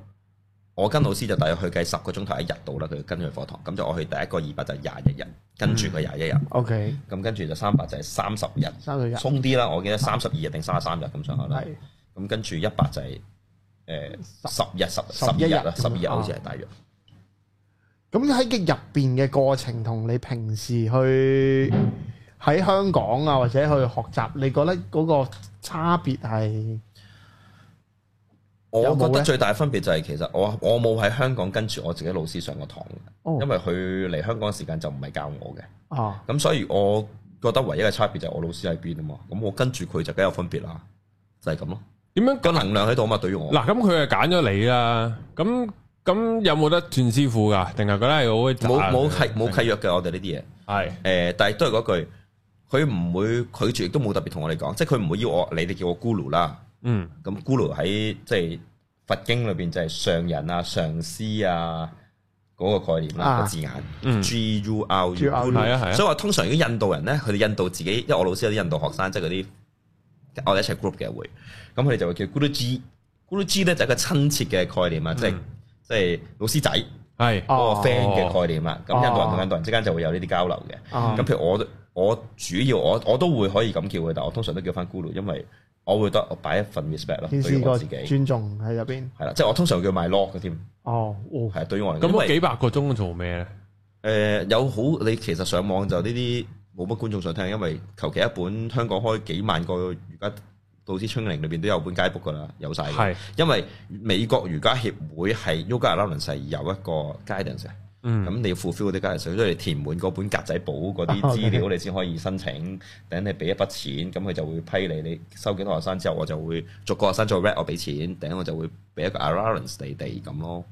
我跟老師就大約去計十個鐘頭一日到啦。佢跟住課堂，咁就我去第一個二百就係廿一日，跟住佢廿一日。O K。咁跟住就三百就係三十日，三十日。鬆啲啦，我記得三十二日定三十三日咁上下啦。咁跟住一百就係誒十日十十日啦，十二日好似係大約。哦哦咁喺入邊嘅過程同你平時去喺香港啊，或者去學習，你覺得嗰個差別係？我覺得最大分別就係，其實我我冇喺香港跟住我自己老師上過堂，哦、因為佢嚟香港時間就唔係教我嘅。哦，咁所以我覺得唯一嘅差別就係我老師喺邊啊嘛，咁我跟住佢就梗有分別啦，就係咁咯。點樣？個能量喺度啊嘛，對於我嗱，咁佢係揀咗你啦，咁。咁有冇得段師傅噶？定係覺得係好？冇冇係冇契約嘅？我哋呢啲嘢係誒，但係都係嗰句，佢唔會拒絕，亦都冇特別同我哋講，即係佢唔會要我你哋叫我咕嚕啦。嗯，咁咕嚕喺即係佛經裏邊就係上人啊、上師啊嗰個概念啊字眼。G U R U G U R U 啊，所以話通常如果印度人咧，佢哋印度自己，因為我老師有啲印度學生，即係嗰啲我哋一齊 group 嘅會，咁佢哋就會叫 Guruji，Guruji 咧就係一個親切嘅概念啊，即係。即係老師仔，係嗰是個 friend 嘅概念啦。咁、哦、印度人同印度人之間就會有呢啲交流嘅。咁、哦、譬如我，我主要我我都會可以咁叫佢，但我通常都叫翻 Guru，因為我會得我擺一份 respect 咯，對於我自己尊重喺入邊。係啦、嗯，即係我通常叫 my lock 嘅添。哦，係啊，對於我嚟講，咁幾百個鐘做咩咧？誒，有好你其實上網就呢啲冇乜觀眾想聽，因為求其一本香港開幾萬個而家。導師春玲裏邊都有本街 book 噶啦，有晒。係是因為美國瑜伽協會係 Yoga Alliance 有一個 guidance 嘅，嗯，咁你要 fulfill 啲 guidance 所以你填滿嗰本格仔簿嗰啲資料，你先可以申請。等你俾一筆錢，咁佢就會批你。你收幾多學生之後，我就會逐個學生再 rap 我俾錢。等我就會俾一個 allowance 你哋咁咯。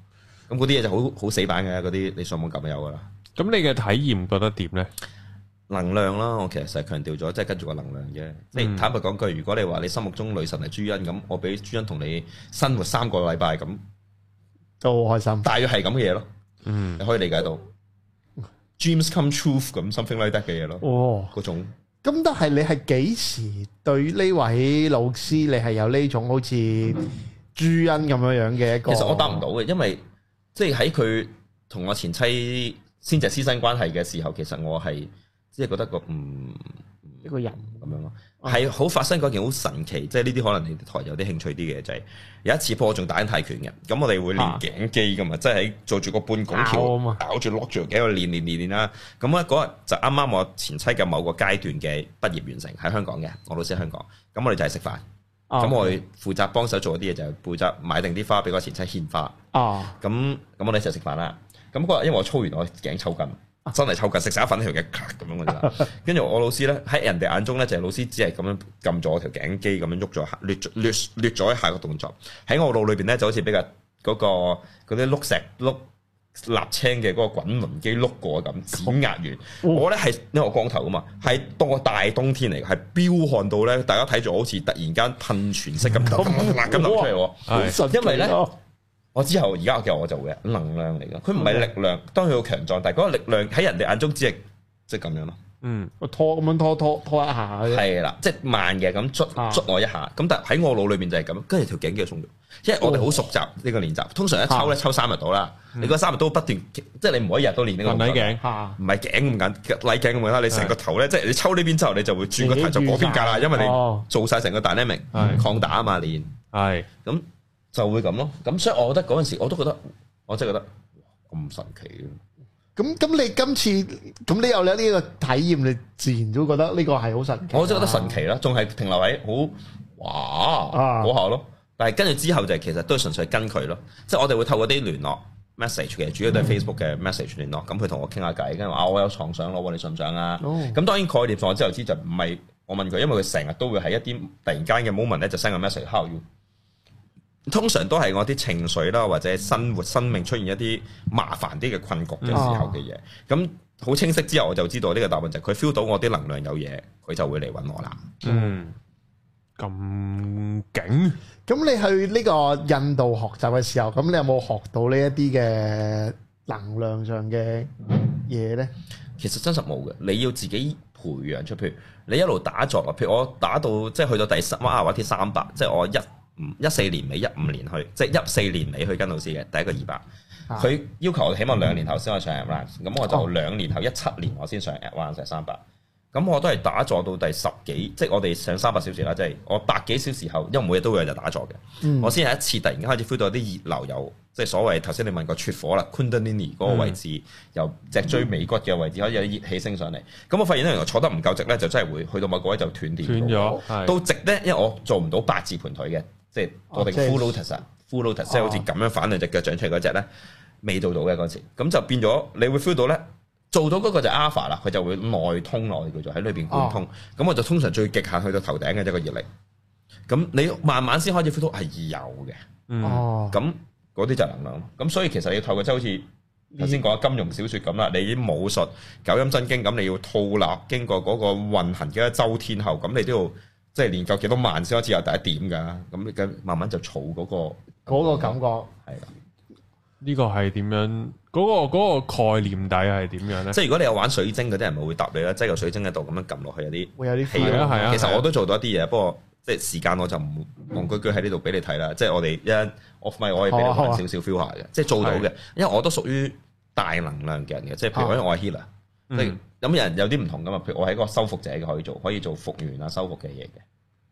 咁嗰啲嘢就好好死板嘅，嗰啲你上網揼有噶啦。咁你嘅體驗覺得點咧？能量啦，我其實成日強調咗，即係跟住個能量嘅。即係、嗯、坦白講句，如果你話你心目中女神係朱茵咁，我俾朱茵同你生活三個禮拜咁，都好開心。大約係咁嘅嘢咯。嗯，你可以理解到、嗯、Dreams come true 咁 something like that 嘅嘢咯。哦，嗰種。咁但係你係幾時對呢位老師，你係有呢種好似朱茵咁樣樣嘅一個？嗯、其實我答唔到嘅，因為即係喺佢同我前妻先至師生關係嘅時候，其實我係。即係覺得個嗯，嗯一個人咁樣咯，係好發生嗰件好神奇，即係呢啲可能你台有啲興趣啲嘅就係、是、有一次我仲打緊泰拳嘅，咁我哋會練頸肌噶嘛，啊、即係喺做住個半拱橋，搞住碌住個頸去練練練練啦。咁啊嗰日就啱啱我前妻嘅某個階段嘅畢業完成喺香港嘅，我老師喺香港，咁我哋就係食飯，咁、啊、我負責幫手做一啲嘢就係、是、負責買定啲花俾我前妻獻花。哦、啊，咁咁、啊、我哋就食飯啦。咁嗰日因為我操完我頸抽筋。我真係湊近食晒一份條嘢，咁樣嘅咋。跟住我老師咧喺人哋眼中咧就係老師只係咁樣撳咗條頸肌，咁樣喐咗下，掠略略咗一下個動作。喺我腦裏邊咧就好似比較嗰個啲碌石碌立青嘅嗰個滾輪機碌過咁，指壓完。我咧係因為我光頭啊嘛，係當個大冬天嚟，係飆汗到咧，大家睇住我好似突然間噴泉式咁咁咁流出嚟。係，因為咧。我之後而家我叫我就會能量嚟嘅，佢唔係力量，當佢好強壯，但係嗰個力量喺人哋眼中只係即係咁樣咯。嗯，拖咁樣拖拖拖一下佢。係啦，即係慢嘅咁捉捽我一下，咁但係喺我腦裏邊就係咁，跟住條頸就鬆咗，因為我哋好熟習呢個練習。通常一抽咧抽三日到啦，你嗰三日都不斷，即係你每一日都練呢個。唔係頸咁緊，唔頸咁簡你成個頭咧，即係你抽呢邊之後，你就會轉個頭就嗰邊㗎啦，因為你做晒成個 dynamic 抗打啊嘛練。係咁。就會咁咯，咁所以我覺得嗰陣時我都覺得，我真係覺得咁神奇咯、啊。咁咁你今次咁你有咧呢個體驗，你自然都覺得呢個係好神奇、啊。我真係覺得神奇啦、啊，仲係停留喺、啊、好哇好下咯。但係跟住之後就是、其實都係純粹跟佢咯，即係我哋會透過啲聯絡 message 嘅，主要都係 Facebook 嘅 message 聯絡。咁佢同我傾下偈，跟住話我有創想，我話你信唔信啊？咁、哦、當然概念上我之後知，知就唔係我問佢，因為佢成日都會喺一啲突然間嘅 moment 咧，就 send 個 message How are you。通常都係我啲情緒啦，或者生活生命出現一啲麻煩啲嘅困局嘅時候嘅嘢，咁好、嗯、清晰之後我就知道呢個答案就係佢 feel 到我啲能量有嘢，佢就會嚟揾我啦。嗯，咁勁！咁你去呢個印度學習嘅時候，咁你有冇學到呢一啲嘅能量上嘅嘢呢？其實真實冇嘅，你要自己培養出，譬如你一路打坐，譬如我打到即係去到第十瓦或者天三百，即係我一。一四年尾一五年去，即係一四年尾去跟老師嘅第一個二百、啊，佢要求我起碼兩年後先可上 advance 咁我就兩年後一七年我先上 advance 三百，咁我都係打坐到第十幾，即係我哋上三百小時啦，即、就、係、是、我百幾小時後，因為每日都會就打坐嘅，嗯、我先係一次突然間開始灰到啲熱流油，即、就、係、是、所謂頭先你問個出火啦 Kundalini 嗰個位置，嗯、由脊椎尾骨嘅位置可以有啲熱氣升上嚟，咁、嗯、我發現咧原來坐得唔夠直咧就真係會去到某個位就斷電，斷咗，到直咧因為我做唔到八字盤腿嘅。即係我哋 full lotus 啊，full lotus 即係好似咁樣反兩隻腳掌出嚟嗰隻咧，未、oh. 做到嘅嗰時，咁就變咗，你會 feel 到咧，做到嗰個就 alpha 啦，佢就會內通內叫做喺裏邊貫通，咁、oh. 我就通常最極限去到頭頂嘅一個熱力，咁你慢慢先開始 feel 到係有嘅，咁嗰啲就能量，咁所以其實你透過即係、就是、好似頭先講金融小説咁啦，mm. 你啲武術九陰真經咁，你要吐納經過嗰個運行嘅一周天後，咁你都要。即係練夠幾多萬先開始有第一點噶，咁咁慢慢就儲嗰、那個嗰個感覺係啊吧，呢個係點樣？嗰、那個、那個概念底係點樣咧？即係如果你有玩水晶嗰啲人，咪會答你啦。即係由水晶喺度咁樣撳落去有啲，會有啲氣係啊。啊啊啊其實我都做到一啲嘢，不過即係時間我就唔戇居居喺呢度俾你睇啦。即係我哋一 mic, 我唔咪我係俾你玩少少 feel 嘅，即係、啊、做到嘅。啊、因為我都屬於大能量嘅人嘅，即係譬如我係 healer 你咁人有啲唔同噶嘛？譬如我係一個修復者，可以做可以做復原啊、修復嘅嘢嘅。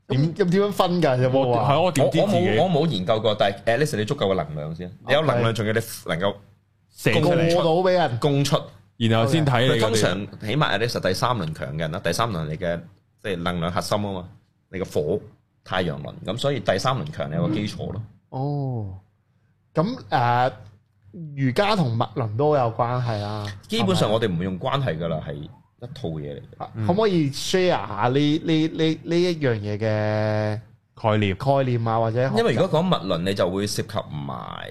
點又點樣分噶？有冇啊？係我我冇我冇研究過。但係 Alice，你足夠嘅能量先，你有能量，仲要你能夠射出到俾人供出，然後先睇。通常起碼 Alice 第三輪強嘅人啦，第三輪你嘅即係能量核心啊嘛，你個火太陽輪。咁所以第三輪強你有個基礎咯。哦，咁誒。瑜伽同脈輪都有關係啊，基本上我哋唔會用關係噶啦，係一套嘢嚟。嗯、可唔可以 share 下呢呢呢呢一樣嘢嘅概念？概念啊，或者因為如果講脈輪，你就會涉及埋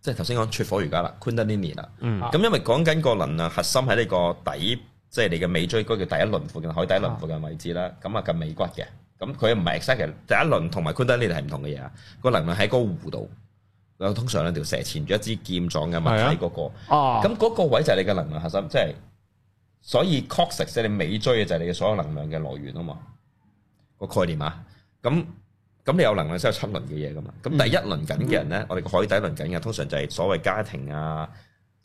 即係頭先講出火瑜伽啦 Kundalini 啦。咁、嗯嗯、因為講緊個能量核心喺呢個底，即、就、係、是、你嘅尾椎骨嘅第一輪附近、海底輪附近位置啦。咁啊近尾骨嘅，咁佢唔係 exactly 第一輪同埋 Kundalini 係唔同嘅嘢啊。個能量喺個弧度。通常兩條蛇纏住一支劍狀嘅物體嗰個，咁嗰、啊、個位就係你嘅能量核心，即、就、係、是、所以 Cortex 即係尾椎嘅就係你嘅所有能量嘅來源啊嘛，個概念啊，咁咁你有能量先有七輪嘅嘢噶嘛，咁第一輪緊嘅人呢，嗯、我哋個海底輪緊嘅，通常就係所謂家庭啊。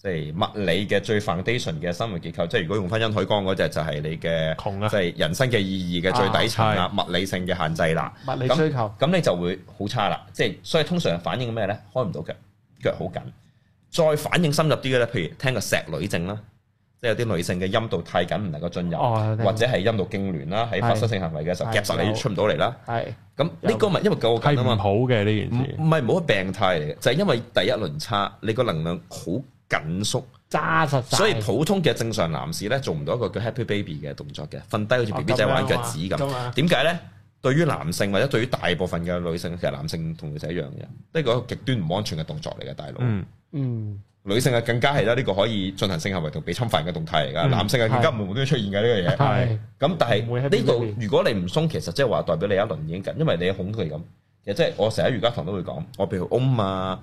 即係物理嘅最 foundation 嘅生活結構，即係如果用婚姻海光嗰隻就係、是、你嘅，即係窮、啊、人生嘅意義嘅最底層啦，啊、物理性嘅限制啦，物理需求，咁你就會好差啦。即係所以，所以通常反映咩咧？開唔到腳，腳好緊。再反應深入啲嘅咧，譬如聽個石女症啦，即係有啲女性嘅陰道太緊唔能夠進入，哦、或者係陰道痙攣啦，喺發生性行為嘅時候夾實你出唔到嚟啦。係的，咁呢個咪因為夠緊好嘅呢件事，唔係冇病態嚟，嘅，就係、是、因為第一輪差，你個能量好。緊縮揸實，所以普通嘅正常男士咧，做唔到一個叫 Happy Baby 嘅動作嘅，瞓低好似 B B 仔玩腳趾咁。點解咧？對於男性或者對於大部分嘅女性，其實男性同女仔一樣嘅。呢個極端唔安全嘅動作嚟嘅，大佬。嗯，女性啊更加係啦，呢個可以進行性行為同被侵犯嘅動態嚟噶。男性啊，更加唔會都出現嘅呢樣嘢。係咁，但係呢度如果你唔鬆，其實即係話代表你一輪已經緊，因為你恐懼咁。其實即係我成日喺瑜伽堂都會講，我譬如 Om 啊，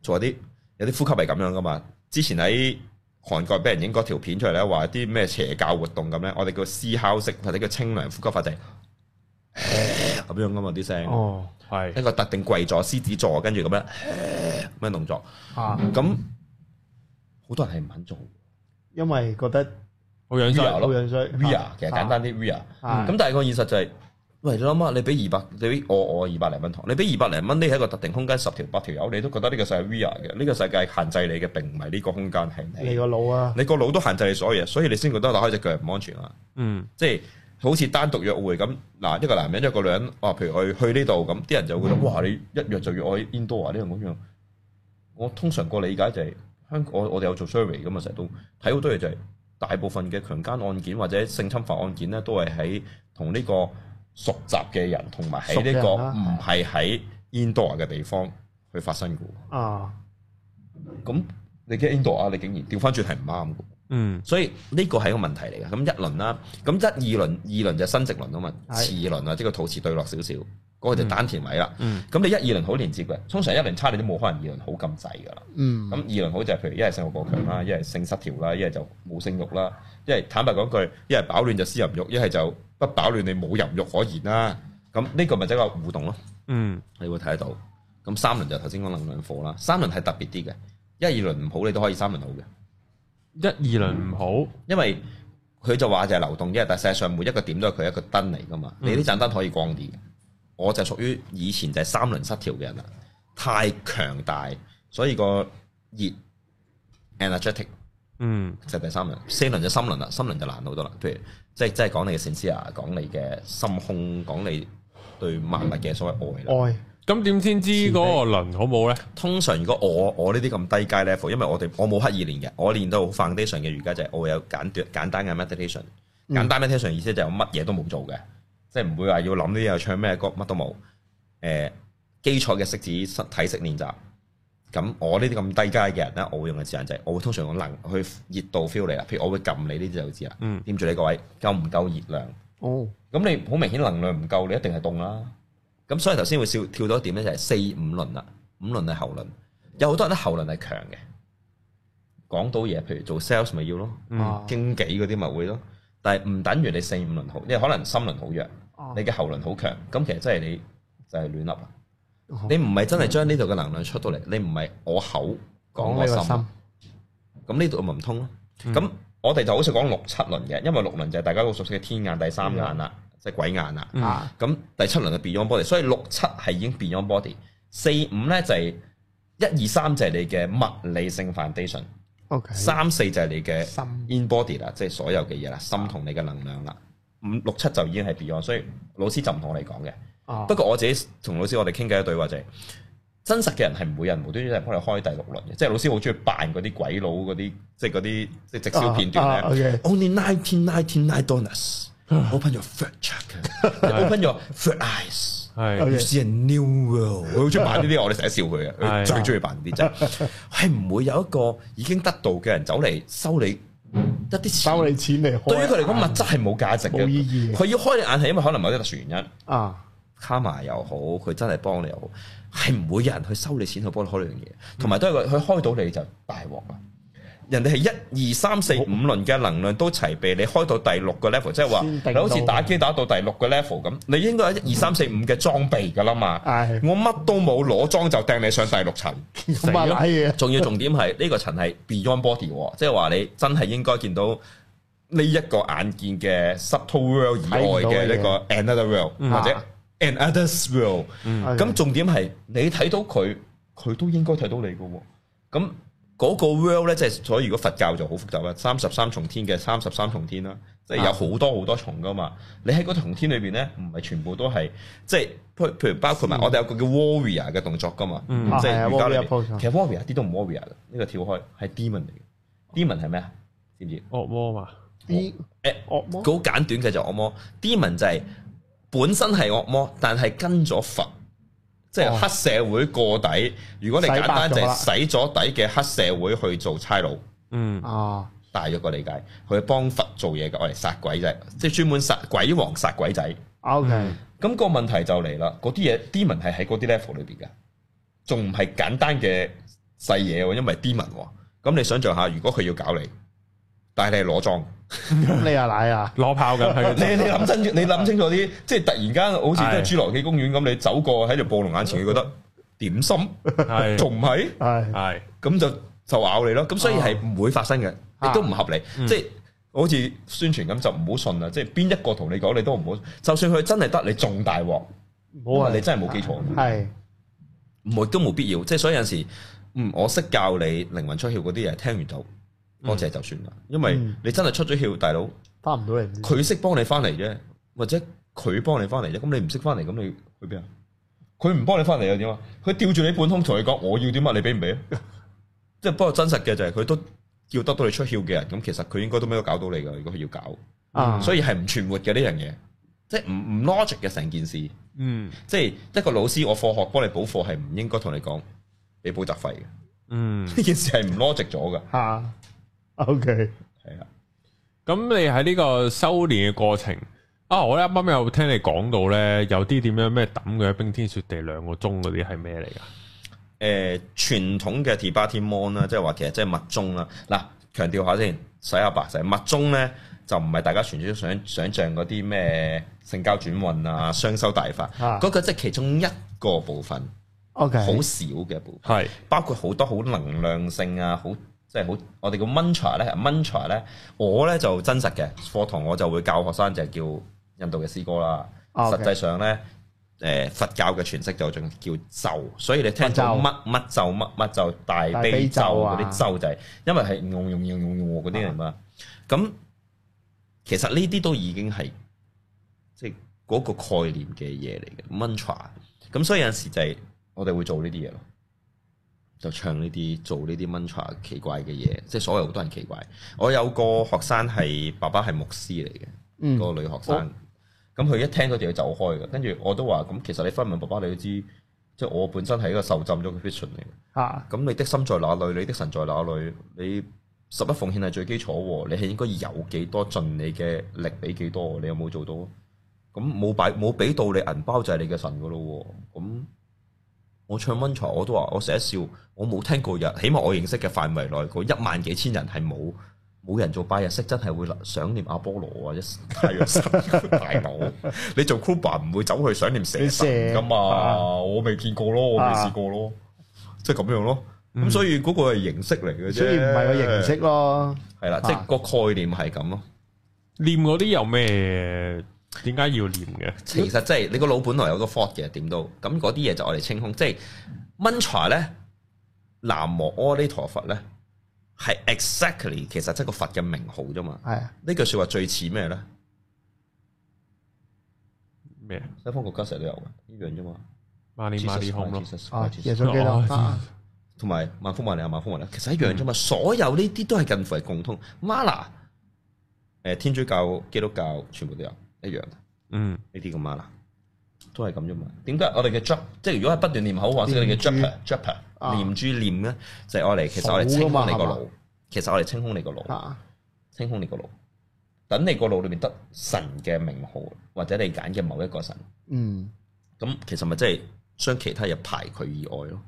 做一啲。有啲呼吸係咁樣噶嘛？之前喺韓國俾人影嗰條片出嚟咧，話啲咩邪教活動咁咧，我哋叫思考式或者叫清涼呼吸法就係咁樣噶嘛啲聲。哦，係一個特定跪坐獅子座，跟住咁樣咩動作。咁好多人係唔肯做，因為覺得好樣衰，好樣衰。VIA Re ar, 其實簡單啲，VIA。咁但係個現實就係。喂，你諗下，你俾二百，你俾我我二百零蚊同，你俾二百零蚊呢？係一個特定空間十條八條友，你都覺得呢個世界 VR 嘅呢個世界限制你嘅，並唔係呢個空間係你個腦啊！你個腦都限制你所有嘢。所以你先覺得打開隻腳唔安全啊。嗯，即係好似單獨約會咁嗱，一個男人一個女人，我譬如去去呢度咁，啲人就會覺得、嗯、哇，你一約就約喺 Indoor 呢樣嗰樣。我通常個理解就係、是、香港，我哋有做 survey 咁啊，成日都睇好多嘢，就係大部分嘅強姦案件或者性侵犯案件咧，都係喺同呢個。熟習嘅人同埋喺呢個唔係喺印度嘅地方去發生嘅。啊，咁你講印度啊，你竟然調翻轉係唔啱嘅。嗯，所以呢個係一個問題嚟嘅。咁一輪啦，咁一二輪，二輪就生殖輪啊嘛，次輪啊，即係個肚臍對落少少，嗰個就丹田位啦。嗯，咁你一二輪好連接嘅，通常一輪差你都冇可能二輪好咁滯㗎啦。嗯，咁二輪好就係譬如一係性過強啦，一係性失調啦，一係就冇性慾啦，一係坦白講句，一係飽暖就思淫慾，一係就。不飽亂你冇淫慾可言啦，咁呢個咪即係個互動咯。嗯，你會睇得到。咁三輪就頭先講能量貨啦，三輪係特別啲嘅，一二輪唔好你都可以三輪好嘅。一二輪唔好，因為佢就話就係流動，因為但係實際上每一個點都係佢一個燈嚟噶嘛。你呢盞燈可以光啲嘅，嗯、我就屬於以前就係三輪失調嘅人啦，太強大，所以個熱 energetic。嗯，就第三輪，四輪就心輪啦，心輪就難好多啦。譬如，即係即係講你嘅善思啊，講你嘅心胸，講你對萬物嘅所謂愛。愛咁點先知嗰個輪好冇咧？通常如果我我呢啲咁低階 level，因為我哋我冇刻意練嘅，我練到好 foundation 嘅瑜伽就係我會有簡短簡單嘅 meditation，簡單 meditation 意思就係我乜嘢都冇做嘅，嗯、即係唔會話要諗呢啲又唱咩歌乜都冇。誒，基礎嘅息止、實體式練習。咁我呢啲咁低階嘅人咧，我會用嘅字眼就係，我會通常用能去熱度 feel 你啦，譬如我會撳你呢啲字啊，掂、嗯、住你個位，夠唔夠熱量？哦，咁你好明顯能量唔夠，你一定係凍啦。咁所以頭先會笑跳跳到一點咧，就係四五輪啦，五輪係喉輪，輪，輪，有好多人都喉輪係強嘅，講到嘢，譬如做 sales 咪要咯，嗯啊、經紀嗰啲咪會咯，但係唔等於你四五輪好，因為可能心輪好弱，你嘅喉輪好強，咁其實真係你就係、是、亂笠啦。你唔係真係將呢度嘅能量出到嚟，你唔係我口講我心，咁呢度咪唔通咯？咁、嗯、我哋就好似講六七輪嘅，因為六輪就係大家都熟悉嘅天眼第三眼啦，即係、嗯、鬼眼啦。咁、嗯、第七輪嘅 Beyond Body，所以六七係已經 Beyond Body，四五咧就係一二三就係你嘅物理性 Foundation，Okay 三四就係你嘅心 In Body 啦心，即係所有嘅嘢啦，心同你嘅能量啦，五六七就已經係 Beyond，所以老師就唔同我哋講嘅。不過我自己同老師我哋傾偈嘅對話就係、是、真實嘅人係唔會有人無端端嚟幫你開第六輪嘅，即係老師好中意扮嗰啲鬼佬嗰啲，即係嗰啲即係直銷片段咧。Uh, uh, okay. Only nineteen, nineteen ninety nine dollars. Open your third eye. *laughs* open your third eye, you'll see a new world。佢好中意扮呢啲，我哋成日笑佢嘅， *laughs* 最中意扮啲就係唔會有一個已經得到嘅人走嚟收你、嗯、一啲錢。收你錢嚟。對於佢嚟講物質係冇價值嘅，冇意義。佢要開你眼係因為可能某啲特殊原因啊。Uh. 卡瑪又好，佢真係幫你又好，係唔會有人去收你錢去幫你開呢樣嘢，同埋都係佢開到你就大鑊啦。人哋係一二三四五輪嘅能量都齊備，你開到第六個 level，即係話你好似打機打到第六個 level 咁，你應該有一二三四五嘅裝備噶啦嘛。啊、我乜都冇攞裝就掟你上第六層，仲、啊、要重點係呢、呢個層係 Beyond Body，即係話你真係應該見到呢一個眼見嘅 Subtle World 以外嘅呢個 Another World 或者。and others world，咁、嗯嗯、重點係你睇到佢，佢都應該睇到你嘅喎。咁嗰個 world 咧，即係所以如果佛教就好複雜啦，三十三重天嘅三十三重天啦，即、就、係、係、有好多好多重噶嘛。你喺嗰重天裏邊咧，唔係全部都係，即係譬如包括埋我哋有個叫 warrior 嘅動作噶嘛，即係、嗯嗯、瑜伽裏邊。啊、其實 warrior 一啲都唔 warrior 啦，呢個跳開係 demon 嚟嘅。demon 係咩啊？知唔知？惡魔嘛？誒惡魔。好簡短嘅就惡魔。demon 就係、係。本身係惡魔，但係跟咗佛，即係黑社會個底。哦、如果你簡單就洗咗底嘅黑社會去做差佬，嗯啊，哦、大約個理解，佢幫佛做嘢嘅，我嚟殺鬼仔，即係專門殺鬼王殺鬼仔。OK，咁個問題就嚟啦，嗰啲嘢 Demon 係喺嗰啲 level 裏邊嘅，仲唔係簡單嘅細嘢喎，因為 Demon 喎，咁你想象下，如果佢要搞你？但係裸裝，你啊奶啊，裸炮咁，你你諗真，你諗清楚啲，即係突然間好似都係侏羅紀公園咁，你走過喺條暴龍眼前，你覺得點了心，仲唔係？係、啊，咁就就咬你咯。咁所以係唔會發生嘅，亦都唔合理。即係好似宣傳咁，就唔好信啦。即係邊一個同你講，你都唔好。就算佢真係得，你仲大鑊。冇啊，你真係冇基礎。係，冇都冇必要。即係所以有陣時，嗯，我識教你靈魂出竅嗰啲嘢，聽完就。我就、嗯、就算啦，因為你真係出咗竅，大佬翻唔到嚟，佢識、嗯、幫你翻嚟啫，或者佢幫你翻嚟啫。咁你唔識翻嚟，咁你去邊啊？佢唔幫你翻嚟又點啊？佢吊住你半空同你講我要點啊？你俾唔俾啊？即 *laughs* 係不過真實嘅就係佢都要得到你出竅嘅人，咁其實佢應該都咩都搞到你噶。如果佢要搞，嗯、所以係唔存活嘅呢樣嘢，即係唔唔 logic 嘅成件事。件事嗯，即係一個老師，我放學幫你補課，係唔應該同你講俾補習費嘅。嗯，呢件事係唔 logic 咗噶。嚇！ *laughs* O K，係啊，咁 Okay.、嗯、你喺呢個修煉嘅過程啊，我啱啱有聽你講到咧，有啲點樣咩抌嘅冰天雪地兩個鐘嗰啲係咩嚟噶？誒、呃，傳統嘅 T B T Mon 啦，即係話其實即係密宗啦。嗱、啊，強調下先，洗下白就係密宗咧，就唔係大家全統想想象嗰啲咩性交轉運啊、雙修大法，嗰、啊、個即係其中一個部分。O K，好少嘅部分，係是包括好多好能量性啊，好。即係好，我哋叫 mantra 咧，mantra 咧，我咧就真實嘅課堂，我就會教學生就係叫印度嘅詩歌啦。啊 okay。實際上咧，誒、呃、佛教嘅詮釋就仲叫咒，所以你聽到乜乜咒乜乜咒大悲咒嗰啲咒、啊、咒就係、是，因為係用用用用用嗰啲人啦。咁、嗯嗯嗯嗯嗯嗯、其實呢啲都已經係即係嗰個概念嘅嘢嚟嘅 mantra。咁所以有陣時就係我哋會做呢啲嘢咯。就唱呢啲，做呢啲 mantra 奇怪嘅嘢，即係所有好多人奇怪。我有個學生係爸爸係牧師嚟嘅，嗯，個女學生，咁佢我、嗯、一聽佢就要走開嘅，跟住我都話，咁其實你分問爸爸你都知，即係我本身係一個受浸咗嘅 fashion 嚟嘅，啊，咁、嗯、你的心在哪裏，你的神在哪裏？你十一奉獻係最基礎，你係應該有幾多，盡你嘅力俾幾多，你有冇做到？咁冇擺冇俾到你銀包就係你嘅神噶咯，咁、嗯。嗯我唱溫床，我都話我成日笑，我冇聽過人，起碼我認識嘅範圍內，嗰一萬幾千人係冇冇人做拜日式，真係會想念阿波羅啊，太陽神大牛，你做 Cobra 唔會走去想念蛇神噶嘛？我未見過咯，我未試過咯，即係咁樣咯。咁所以嗰個係形式嚟嘅啫，所以唔係個形式咯，係啦，即係個概念係咁咯。念嗰啲有咩？點解要念嘅？其實即係你個腦本來有個 fault 嘅，點都咁嗰啲嘢就我哋清空。即係 Mantra 咧，南無阿彌陀佛咧，係 exactly 其實即係個佛嘅名號啫嘛。係啊，呢句說話最似咩咧？咩？西方國家成日都有嘅，一樣啫嘛。萬年萬年空咯，耶穌基督，同埋萬福萬年啊，萬福萬年，其實一樣啫嘛。所有呢啲都係近乎係共通。Mala 誒，天主教、基督教全部都有。一樣，嗯，呢啲咁樣啦，都係咁啫嘛。點解？我哋嘅 job，即係如果係不斷念口或者你嘅 job job 念住念咧，就係我哋其實我哋清空你個腦，其實我哋清空你個腦，清空你個腦，等你個腦裏邊得神嘅名號或者你揀嘅某一個神。嗯，咁其實咪即係將其他嘢排佢以外咯。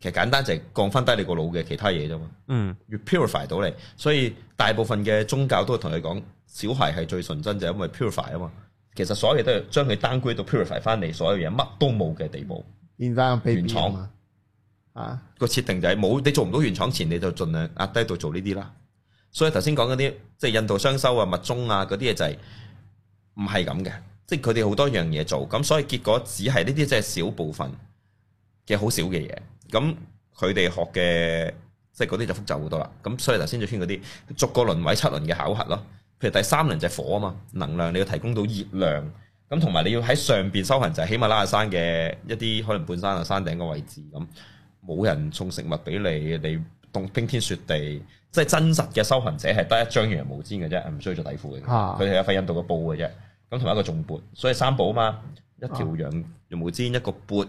其實簡單就係降翻低你個腦嘅其他嘢啫嘛，越、嗯、purify 到你，所以大部分嘅宗教都會同你講，小孩係最純真，就因為 purify 啊嘛。其實所有嘢都係將佢 downgrade 到 purify 翻嚟，所有嘢，乜都冇嘅地步。變翻原廠啊？個設定就係冇，你做唔到原廠前，你就盡量壓低到做呢啲啦。所以頭先講嗰啲，即係印度雙修啊、密宗啊嗰啲嘢就係唔係咁嘅，即係佢哋好多樣嘢做，咁所以結果只係呢啲即係小部分嘅好少嘅嘢。咁佢哋學嘅即係嗰啲就複雜好多啦。咁所以頭先就圈嗰啲逐個輪位七輪嘅考核咯。譬如第三輪就係火啊嘛，能量你要提供到熱量。咁同埋你要喺上邊修行就係喜馬拉雅山嘅一啲可能半山啊、山頂嘅位置咁，冇人送食物俾你，你凍冰天雪地，即係真實嘅修行者係得一張羊毛氈嘅啫，唔需要做底褲嘅。佢哋係一塊印度嘅布嘅啫。咁同埋一個仲缽，所以三寶啊嘛，一條羊羊毛氈，一個缽。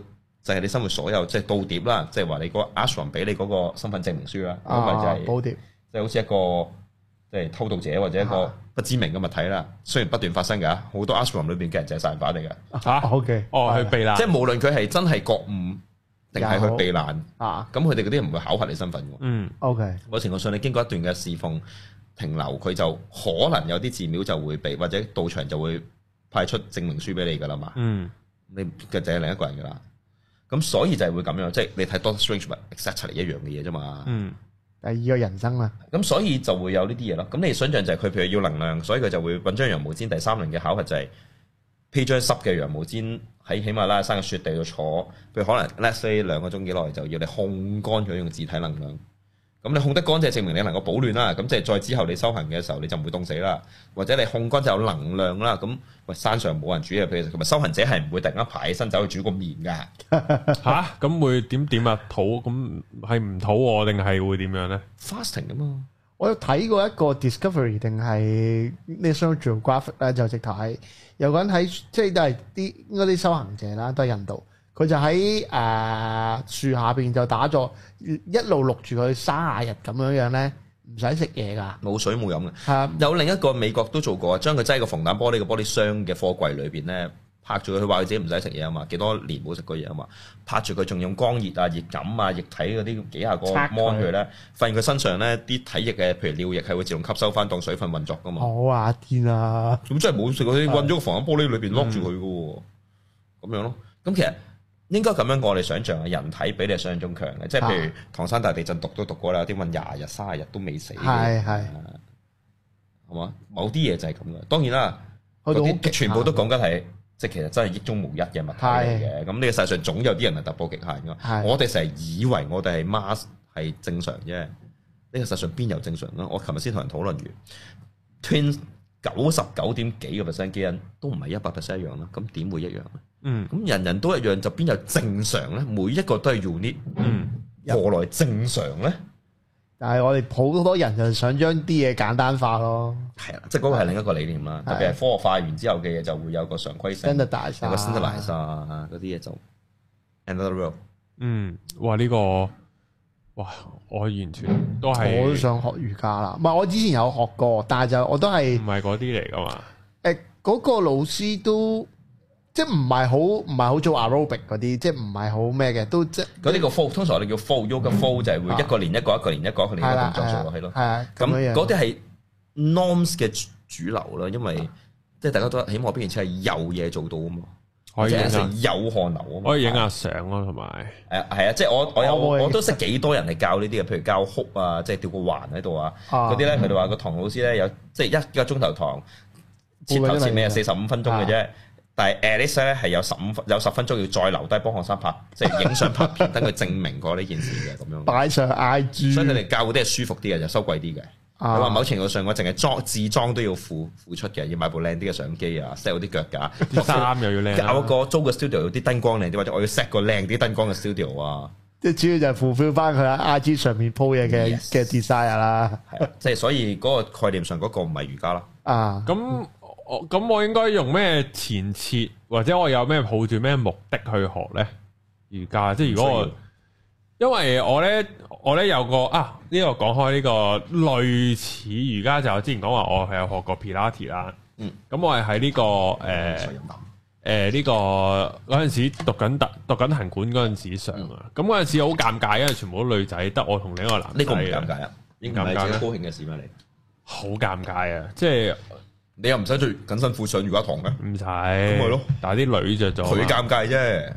就係你生活所有，即係倒碟啦，即係話你個 Ashram 俾你嗰個身份證明書啦，咁咪就係，即係好似一個即係偷渡者或者一個不知名嘅物體啦。雖然不斷發生㗎，好多 Ashram 裏邊嘅人就係散發嚟㗎。吓？OK 哦，去避難，即係無論佢係真係國五定係去避難啊，咁佢哋嗰啲唔會考核你身份嘅。嗯，OK，某程度上你經過一段嘅侍奉停留，佢就可能有啲寺廟就會被，或者道場就會派出證明書俾你㗎啦嘛。嗯，你嘅就係另一個人㗎啦。咁所以就係會咁樣，即係你睇 Doctor Strange extract 出嚟一樣嘅嘢啫嘛。嗯，第二個人生啦。咁所以就會有呢啲嘢咯。咁你想象就係佢譬如要能量，所以佢就會揾張羊毛氈。第三輪嘅考核就係披一張濕嘅羊毛氈喺喜馬拉雅山嘅雪地度坐。譬如可能 let's say 兩個鐘幾耐，就要你烘乾佢用自體能量。咁你控得乾淨，證明你能夠保暖啦。咁即係再之後你修行嘅時候，你就唔會凍死啦。或者你控乾就有能量啦。咁喂山上冇人煮嘢俾食，同埋修行者係唔會突然間爬起身走去煮個麵㗎嚇。咁會點點啊？肚咁係唔肚定係會點樣咧？Fasting 㗎嘛！我有睇過一個 Discovery 定係咩？National Geographic 咧，就直頭係有個人喺，即係都係啲應該啲修行者啦，都係印度。佢就喺誒、呃、樹下邊就打坐，一路錄住佢三廿日咁樣樣咧，唔使食嘢㗎，冇水冇飲嘅。Uh, 有另一個美國都做過啊，將佢擠喺個防彈玻璃嘅玻璃箱嘅貨櫃裏邊咧拍住佢，佢話佢自己唔使食嘢啊嘛，幾多年冇食過嘢啊嘛，拍住佢仲用光熱啊、熱感啊、液體嗰啲幾廿個摸佢咧，發現佢身上咧啲體液嘅，譬如尿液係會自動吸收翻當水分運作㗎嘛。好啊天啊！咁真係冇食嗰啲，揾咗個防彈玻璃裏邊 lock 住佢㗎喎，咁、嗯嗯、樣咯。咁其實～應該咁樣，我哋想象嘅人體比你想象中強嘅，即係譬如唐山大地震，讀都讀過啦，有啲問廿日、卅日都未死嘅，係係，係嘛？某啲嘢就係咁嘅。當然啦，嗰啲全部都講緊係，嗯、即係其實真係億中無一嘅物體嚟嘅。咁呢個世上總有啲人係突破極限噶。是的 我哋成日以為我哋係 mask 係正常啫。呢個世上邊有正常咯？我琴日先同人討論完 twins 九十九點幾個 percent 基因都唔係一百 percent 一樣啦。咁點會一樣咧？嗯，咁人人都一樣，就邊有正常咧？每一個都係 unique，嗯，何來正常咧？但係我哋好多人就想將啲嘢簡單化咯的，係啦的，即係嗰個係另一個理念啦，的特別係科學化完之後嘅嘢就會有個常規性 standardise，有個 standardise 吓，嗰啲嘢就 another world。嗯，哇，呢個哇，我完全都係，我都想學瑜伽啦，唔係我之前有學過，但係就我都係唔係嗰啲嚟噶嘛？誒，嗰個老師都。即唔係好唔係好做 aerobic 嗰啲，即係唔係好咩嘅，都即啲個通常我哋叫 full yoga，full 就係會一個連一個，一個連一個，佢哋咁做落去咯。係啊，咁嗰啲係 norms 嘅主流啦，因為即係大家都起碼邊件先係有嘢做到啊嘛，可以影有汗流啊，可以影下相咯，同埋誒係啊，即係我我有我都識幾多人係教呢啲嘅，譬如教哭啊，即係吊個環喺度啊，嗰啲咧佢哋話個唐老師咧有即係一個鐘頭堂，前頭前尾係四十五分鐘嘅啫。但係 Alice 咧係有十五分有十分鐘要再留低幫學生拍即係影相拍片，等佢證明過呢件事嘅咁樣。擺上去 IG。所以你哋教嗰啲係舒服啲嘅，就收貴啲嘅。佢話某程度上我淨係裝自裝都要付付出嘅，要買部靚啲嘅相機啊，set 嗰啲腳架，衫又要靚。搞個租個 studio 有啲燈光靚啲，或者我要 set 個靚啲燈光嘅 studio 啊。即係主要就付費翻佢喺 IG 上面鋪嘢嘅嘅 design 啦。即係所以嗰個概念上嗰個唔係瑜伽啦。啊，咁。我咁，我應該用咩前設，或者我有咩抱住咩目的去學呢？瑜伽？即係如果我，因為我呢，我呢，我呢有個啊，呢、這個講開呢個類似瑜伽就之前講話我係學過普拉提啦。嗯，咁、嗯、我係喺呢個誒誒呢個嗰陣時讀緊讀緊行管嗰陣時上啊。咁嗰陣時好尷尬，因為全部女仔，得我同另一個男。呢個唔尷尬啊，應唔係高興嘅事咩嚟？好尷尬啊，即係。你又唔使着緊身褲上瑜伽堂嘅，唔使咁咪咯。但係啲女着咗，佢尷尬啫。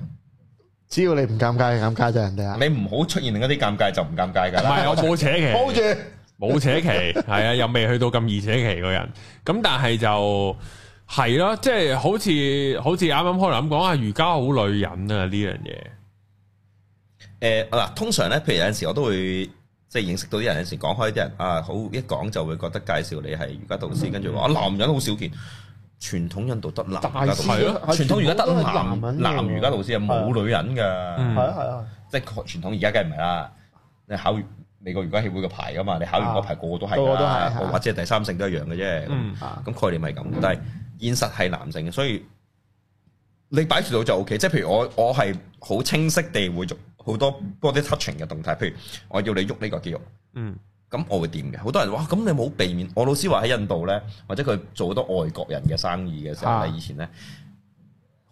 只要你唔尷尬，尷尬就人哋啦。你唔好出現另一啲尷尬就唔尷尬噶。唔係我冇扯旗，冇住 *laughs* 冇扯旗。係啊，又未去到咁易扯旗個人。咁但係就係咯，即係、啊就是、好似好似啱啱可能咁講啊，瑜伽好女人啊呢樣嘢。誒嗱、呃，通常咧，譬如有陣時我都會。即係認識到啲人有時講開啲人啊，好一講就會覺得介紹你係瑜伽導師，跟住話啊男人好少見，傳統印度得男、啊、對男，係咯，傳統瑜伽得男，男瑜伽導師啊冇、嗯、女人㗎，係啊係啊，嗯、即係傳統而家梗係唔係啦？你考美國瑜伽協會個牌㗎嘛？你考完個牌個個都係，個個、啊、都係，或者係第三性都一樣嘅啫。咁、嗯嗯、概念係咁，嗯、但係現實係男性嘅，所以你擺住到就 OK。即係譬如我我係好清晰地會做。好多 body touching 嘅動態，譬如我要你喐呢個肌肉，嗯，咁我會掂嘅？好多人話：咁你冇避免。我老師話喺印度咧，或者佢做好多外國人嘅生意嘅時候，啊、以前咧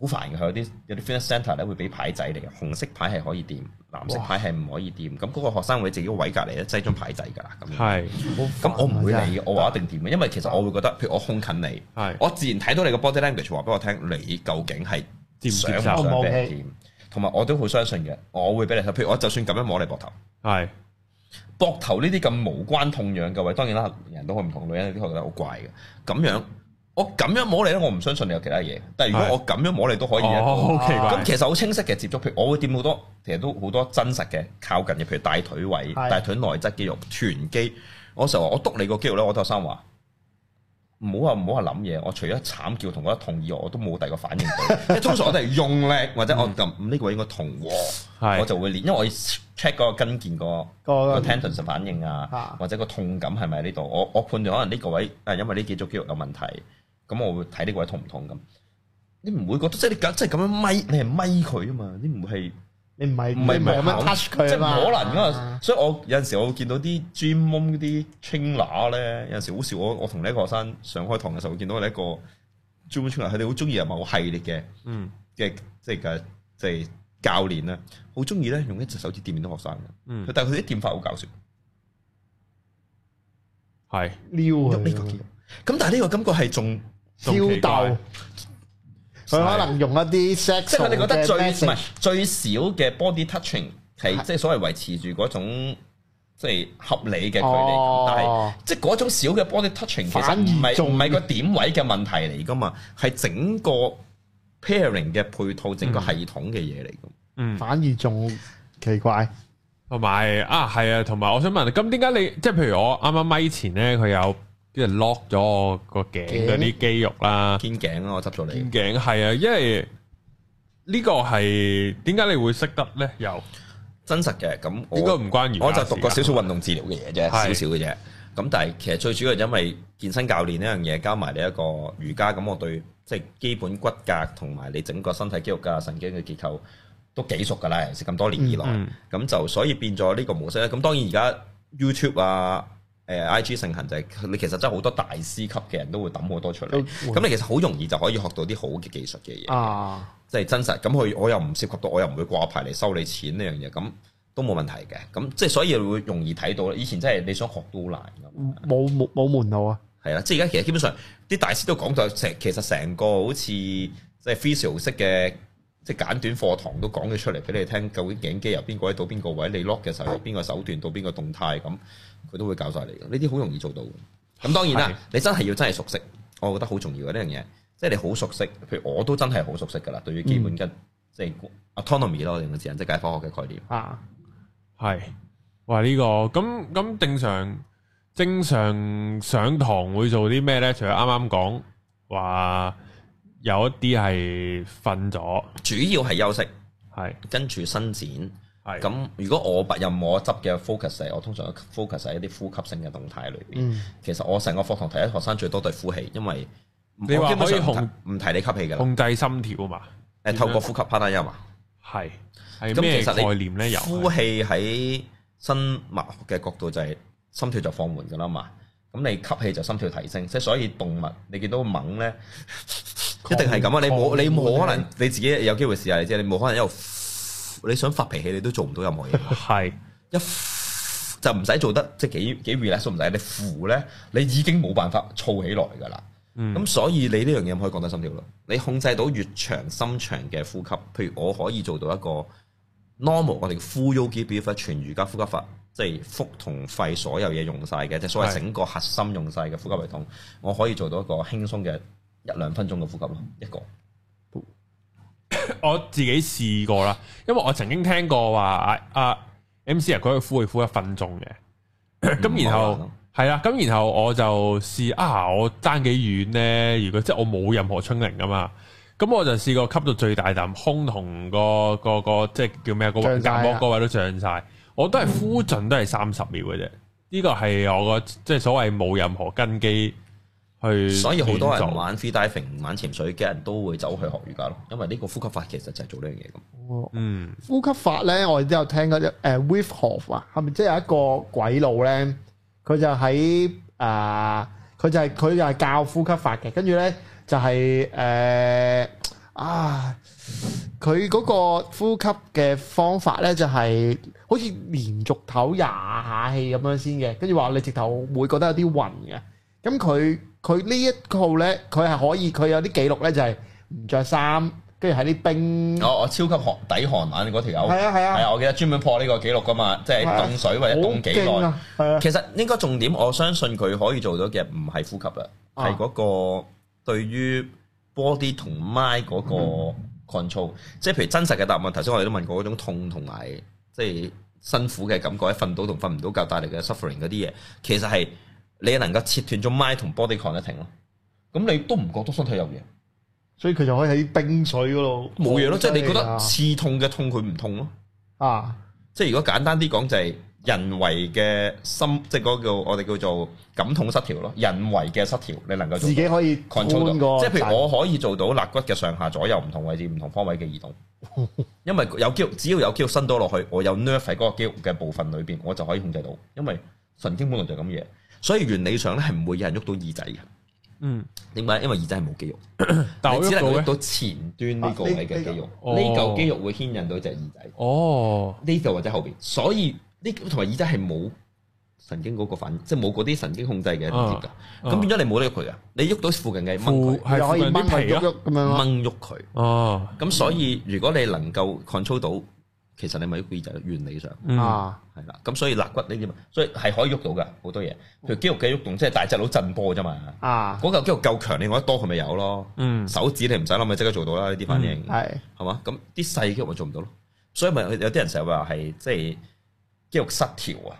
好煩嘅。佢有啲有啲 fitness centre e 咧，會俾牌仔嚟嘅，紅色牌係可以掂，藍色牌係唔可以掂。咁嗰哇個學生會自己個位隔離咧，擠張牌仔㗎啦。咁係好。咁、啊、我唔會理，的我話一定掂嘅，因為其實我會覺得，譬如我胸近你，係是我自然睇到你嘅 body language，話俾我聽，你究竟係想唔想掂？同埋我都好相信嘅，我會俾你。譬如我就算咁樣摸你膊頭，係膊頭呢啲咁無關痛癢嘅位，當然啦，人都唔同，女人都覺得好怪嘅。咁樣我咁樣摸你咧，我唔相信你有其他嘢。但係如，是如果我咁樣摸你都可以，咁其實好清晰嘅接觸。譬如我會掂好多，其實都好多真實嘅靠近嘅，譬如大腿位、是大腿內側肌肉、臀肌。我成日話，我督你個肌肉咧，我頭先話。唔好話唔好話諗嘢，我除咗慘叫同覺得痛以外，我都冇第二個反應。即係 *laughs* 通常我哋係用力或者我撳呢、嗯、個位應該痛，的我就會練，因為我會 check 嗰個筋腱、那個、那個 tension 反應啊，那個、或者個痛感係咪喺呢度？我我判斷可能呢個位係因為呢幾組肌肉有問題，咁我會睇呢個位痛唔痛咁。你唔會覺得即係你咁即係咁樣咪，你係咪佢啊嘛？你唔會係。唔你唔係唔係咁樣 touch 佢，即係可能噶嘛。啊、所以我有陣時我會見到啲 gymmon 啲 trainer 咧，有陣時好笑。我我同呢一個學生上開堂嘅時候，我見到呢一個 gymtrainer，佢哋好中意又某系列嘅，嗯嘅即係嘅即係教練啦，好中意咧用一隻手指點面啲學生，嗯，但係佢啲點法好搞笑，係撩啊呢個，咁的但係呢個感覺係仲仲奇怪。佢可能用一啲即係，佢哋覺得最唔係最少嘅 body touching 係是即係所謂維持住嗰種即係合理嘅距離，哦、但係即係嗰種少嘅 body touching 其實唔係仲唔係個點位嘅問題嚟噶嘛，係整個 pairing 嘅配套整個系統嘅嘢嚟嘅。嗯，嗯反而仲奇怪，同埋啊，係啊，同埋我想問，咁點解你即係譬如我啱啱咪前咧，佢有？啲人 lock 咗我個頸嗰啲肌肉啦，肩頸啦，我執咗你肩頸。係啊，因為呢個係點解你會識得咧？有真實嘅，咁應該唔關瑜伽事。我就讀過少少運動治療嘅嘢啫，少少嘅啫。咁但係其實最主要係因為健身教練呢樣嘢，加埋你一個瑜伽，咁我對即係基本骨骼同埋你整個身體肌肉㗎、神經嘅結構都幾熟噶啦。其實咁多年以來，咁就所以變咗呢個模式咧。咁當然而家 YouTube 啊。誒 I G 盛行就係、是、你其實真係好多大師級嘅人都會抌好多出嚟，咁、嗯、你其實好容易就可以學到啲好嘅技術嘅嘢，即係、啊、真實。咁我我又唔涉及到，我又唔會掛牌嚟收你錢呢樣嘢，咁都冇問題嘅。咁即係所以會容易睇到啦。以前真係你想學都好難，冇冇冇門路啊？係啊，即係而家其實基本上啲大師都講到成，其實成個好似即係 physical 式嘅。即係簡短課堂都講嘅出嚟俾你聽，究竟頸肌由邊個位到邊個位，你 lock 嘅時候係邊個手段到邊個動態，咁佢是的 都會教晒你。呢啲好容易做到。咁當然啦，是的 你真係要真係熟悉，我覺得好重要嘅呢樣嘢。即、就、係、是、你好熟悉，譬如我都真係好熟悉㗎啦，對於基本跟即係 autonomy 咯，我哋點樣人即解科學嘅概念。啊，係。哇！呢、這個咁咁正常，正常上堂會做啲咩咧？除咗啱啱講話。有一啲係瞓咗，主要係休息，係是跟住伸展，係咁是。如果我拔任我執嘅 focus 我通常 focus 喺一啲呼吸性嘅動態裏邊。嗯、其實我成個課堂睇啲學生最多對呼氣，因為你話可以唔提你吸氣嘅，控制心跳啊嘛。誒，透過呼吸 part one 啊嘛，係係咩概念咧？有呼氣喺生物嘅角度就係心跳就放緩嘅啦嘛。咁你吸氣就心跳提升，即係所以動物你見到猛咧。 *laughs* 一定係咁啊！你冇你冇可能你自己有機會試下，即係你冇可能一路，你想發脾氣你都做唔到任何嘢。係 *laughs* 是一就唔使做得即係幾幾 relax 唔使。你呼咧，你已經冇辦法燥起來噶啦。咁、嗯、所以你呢樣嘢可以講得心跳咯。你控制到越長深長嘅呼吸，譬如我可以做到一個 normal 我哋 full yogi breathing 全瑜伽呼吸法，即、就、係、是、腹同肺所有嘢用晒嘅，即係是所謂整個核心用晒嘅呼吸系統，我可以做到一個輕鬆嘅。一兩分鐘嘅呼吸咯，一個。 *laughs* 我自己試過啦，因為我曾經聽過話阿阿 M C 啊，佢去、啊、呼佢呼一分鐘嘅。咁然後係啦，咁、 *coughs* 啊、然後我就試啊，我爭幾遠咧？如果即係我冇任何春齡啊嘛，咁我就試過吸到最大啖胸同，嗰個，嗰個，嗰個即係叫咩啊，嗰個肋位都漲晒。嗯、我都係呼盡都係三十秒嘅啫。呢、呢個係我個即係所謂冇任何根基。係，所以好多人玩 free diving，玩潛水嘅人都會走去學瑜伽咯，因為呢個呼吸法其實就係做呢樣嘢咁。哦，嗯，呼吸法咧，我亦都有聽嗰隻誒 Wim Hof 啊，係咪即係有一個鬼佬咧？佢就喺誒，佢就係佢就係教呼吸法嘅，跟住咧就係誒啊，佢嗰個呼吸嘅方法咧就係好似連續唞廿下氣咁樣先嘅，跟住話你直頭會覺得有啲暈嘅，咁佢。佢呢一套咧，佢係可以，佢有啲記錄咧，就係唔着衫，跟住喺啲冰。哦哦，我超級寒底寒冷嗰條友。係啊係啊。係啊，啊，我記得專門破呢個記錄噶嘛，即係凍水或者凍幾耐。好啊！啊啊其實應該重點，我相信佢可以做到嘅唔係呼吸啦，係嗰個對於 body 同 mind 嗰個 control。啊、即係譬如真實嘅答案，頭先我哋都問過嗰種痛同埋，即係辛苦嘅感覺，喺瞓到同瞓唔到覺帶嚟嘅 suffering 嗰啲嘢，其實係。你能夠切斷咗 mind 同 body connecting 咯，咁你都唔覺得身體有嘢，所以佢就可以喺冰水嗰度冇嘢咯，即係、就是、你覺得刺痛嘅痛佢唔痛咯，啊，即係如果簡單啲講就係人為嘅心，即係嗰個我哋叫做感痛失調咯，人為嘅失調你能夠自己可以 control 到，即係譬如我可以做到肋骨嘅上下左右唔同位置，唔同，同方位嘅移動， *laughs* 因為有肌肉，只要有肌肉伸多落去，我有 nerve 喺嗰個肌肉嘅部分裏邊，我就可以控制到，因為神經本能就係咁嘅嘢。所以原理上咧，係唔會有人喐到耳仔嘅。嗯，點解？因為耳仔係冇肌肉，但係只能喐到前端呢個位嘅肌肉。呢嚿肌肉會牽引到一隻耳仔。哦，呢度或者後邊。所以呢同埋耳仔係冇神經嗰個反應，即係冇嗰啲神經控制嘅連接噶。咁、啊、變咗你冇得喐佢嘅。你喐到附近嘅，掹近啲皮喐喐咁樣，掹喐佢。哦，咁、啊、所以如果你能夠 control 到。其實你咪變就係原理上，啊、嗯，係啦，咁所以肋骨呢啲嘛，所以係可以喐到噶好多嘢。佢肌肉嘅喐動，即係大隻佬震波啫嘛。啊，嗰嚿肌肉夠強，你我得多佢咪有咯。嗯，手指你唔使諗，咪即刻做到啦。呢啲反應係係嘛？咁啲細肌肉咪做唔到咯，所以咪有啲人成日話係即係肌肉失調啊。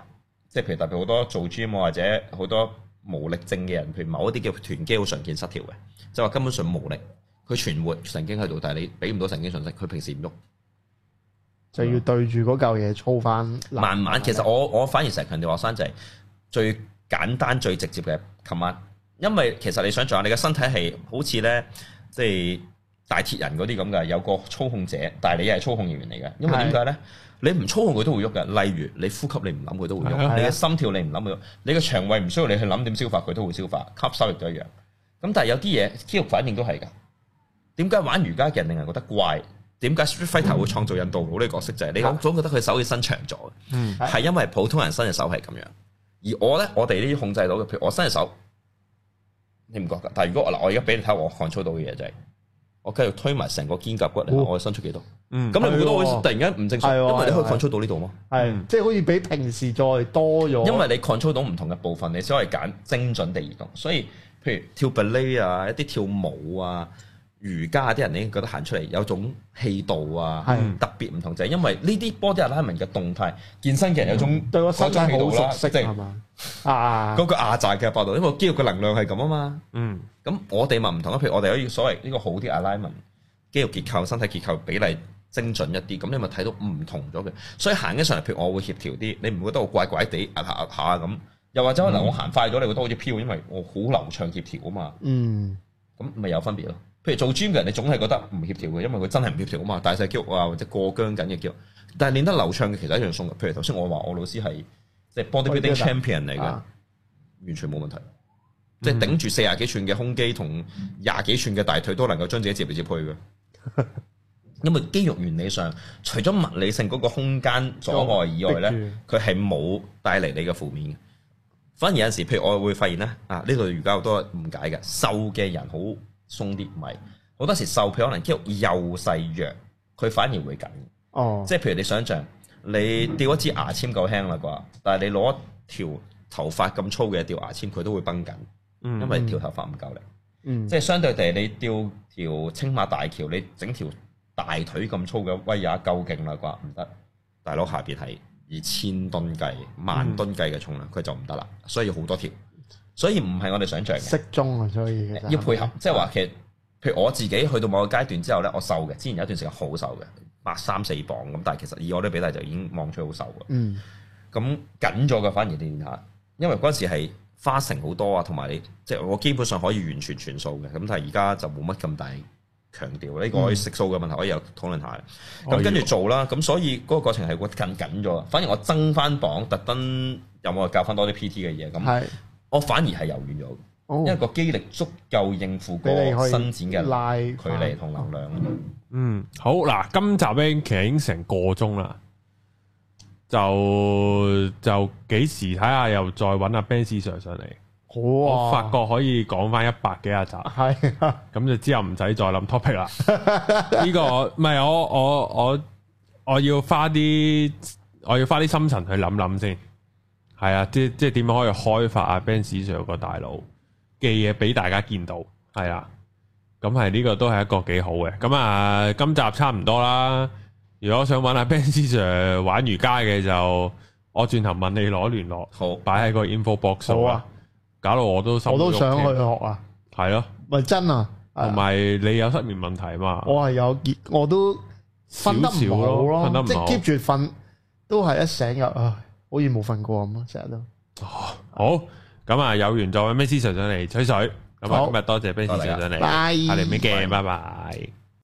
即係譬如特別好多做 gym 或者好多無力症嘅人，譬如某一啲叫團肌好常見失調嘅，就話、是、根本上無力。佢存活神經喺度，但係你俾唔到神經信息，佢平時唔喐。就要對住嗰嚿嘢操翻。慢慢，其實我我反而成日強調學生就係最簡單、最直接嘅。琴晚因為其實你想像下你嘅身體係好似咧，即係大鐵人嗰啲咁嘅，有個操控者，但係你係操控人員嚟嘅。因為點解咧？你唔操控佢都會喐嘅。例如你呼吸你你你，你唔諗佢都會喐。你嘅心跳，你唔諗佢，喐；你嘅腸胃唔需要你去諗點消化，佢都會消化吸收，亦都一樣。咁但係有啲嘢肌肉反應都係㗎。點解玩瑜伽嘅人令人覺得怪？點解 Street Fighter 會創造印度佬呢個角色？就係你總總覺得佢手要伸長咗，係因為普通人伸隻手係咁樣。而我咧，我哋呢啲控制到嘅，譬如我伸隻手，你唔覺㗎？但係如果我嗱，我而家俾你睇我 control 到嘅嘢，就係我繼續推埋成個肩胛骨，我伸出幾多？嗯，咁你會唔會突然間唔正常？因為你可以 control 到呢度嘛，係，即係好似比平時再多咗。因為你 control 到唔同嘅部分，你先可以揀精準地移動。所以，譬如跳芭蕾啊，一啲跳舞啊。瑜伽啲人已經覺得行出嚟有種氣度啊，是特別唔同就係因為呢啲 body alignment 嘅動態，健身嘅人有種,種、嗯、對我手勢好熟悉，係嘛啊？嗰個亞曬嘅幅度，因為肌肉嘅能量係咁啊嘛。嗯，咁我哋咪唔同咯。譬如我哋可以所謂呢個好啲 alignment，肌肉結構、身體結構比例精準一啲，咁你咪睇到唔同咗嘅。所以行起上嚟，譬如我會協調啲，你唔會覺得我怪怪地壓下壓下咁。又或者可能我行快咗，你覺得好似飄，因為我好流暢協調啊嘛。嗯，咁咪有分別咯。譬如做 gym 嘅人，你總係覺得唔協調嘅，因為佢真係唔協調啊嘛，大細肌肉啊或者過僵緊嘅肌肉，但係練得流暢嘅其實一樣。譬如頭先我話我老師係即係 body champion 嚟嘅。啊、完全冇問題，即係頂住四十幾寸嘅胸肌同廿幾寸嘅大腿都能夠將自己接嚟接去嘅， *laughs* 因為肌肉原理上除咗物理性嗰個空間阻礙以外咧，佢係冇帶嚟你嘅負面嘅。反而有陣時，譬如我會發現咧，啊呢度而家好多誤解嘅，瘦嘅人好鬆啲唔係，好多時瘦皮可能肌肉又細弱，佢反而會緊。哦，oh. 即係譬如你想象，你掉一支牙籤夠輕啦啩，但係你攞條頭髮咁粗嘅一條牙籤，佢都會繃緊，因為條頭髮唔夠力。嗯，mm. 即係相對地，你掉條青馬大橋，你整條大腿咁粗嘅威也夠勁啦啩，唔得。大佬下邊係以千噸計、萬噸計嘅重量，佢、mm. 就唔得啦。所以好多條。所以唔係我哋想象嘅，適中啊，所以、就係、要配合，係咪即係話其實，譬如我自己去到某個階段之後咧，我瘦嘅，之前有一段時間好瘦嘅，百三四磅咁，但係其實以我啲比例就已經望出好瘦嘅。嗯，咁緊咗嘅反而練下，因為嗰時係花成好多啊，同埋你即係我基本上可以完全全素嘅，咁但係而家就冇乜咁大強調，呢、這個可以食素嘅問題可以有討論下。咁、嗯、跟住做啦，咁、哦、所以嗰個過程係會緊緊咗，反而我增翻磅，特登有冇教翻多啲 PT 嘅嘢咁？的我反而係柔軟咗，哦、因為個肌力足夠應付個伸展嘅拉距離同能量。嗯，好嗱，今集已經其實已經成個鐘啦，就就幾時睇下又再揾阿 Benz Sir 上嚟。哇、啊！我發覺可以講翻一百幾廿集，係咁就之後唔使再諗 topic 啦。呢、 *laughs* 呢個唔係我我我我要花啲我要花啲心神去諗諗先。係啊，即即點樣可以開發阿 Benz Sir 個大腦嘅嘢俾大家見到，係啊，咁係呢個都係一個幾好嘅。咁啊，今集差唔多啦。如果想揾阿 Benz Sir 玩瑜伽嘅，就我轉頭問你攞聯絡，好擺喺個 info box 度。好啊。搞到我都心我都想去學啊，係咯，咪真啊。同埋你有失眠問題啊嘛，我係有，我都瞓得唔好，小小，啊、得好即 keep 住瞓都係一醒入唉。好似冇瞓過咁咯，成日都。好，咁啊有緣再揾，Benz Sir 上嚟吹水。咁啊，今日多謝 Benz Sir 上嚟，下年見，拜拜。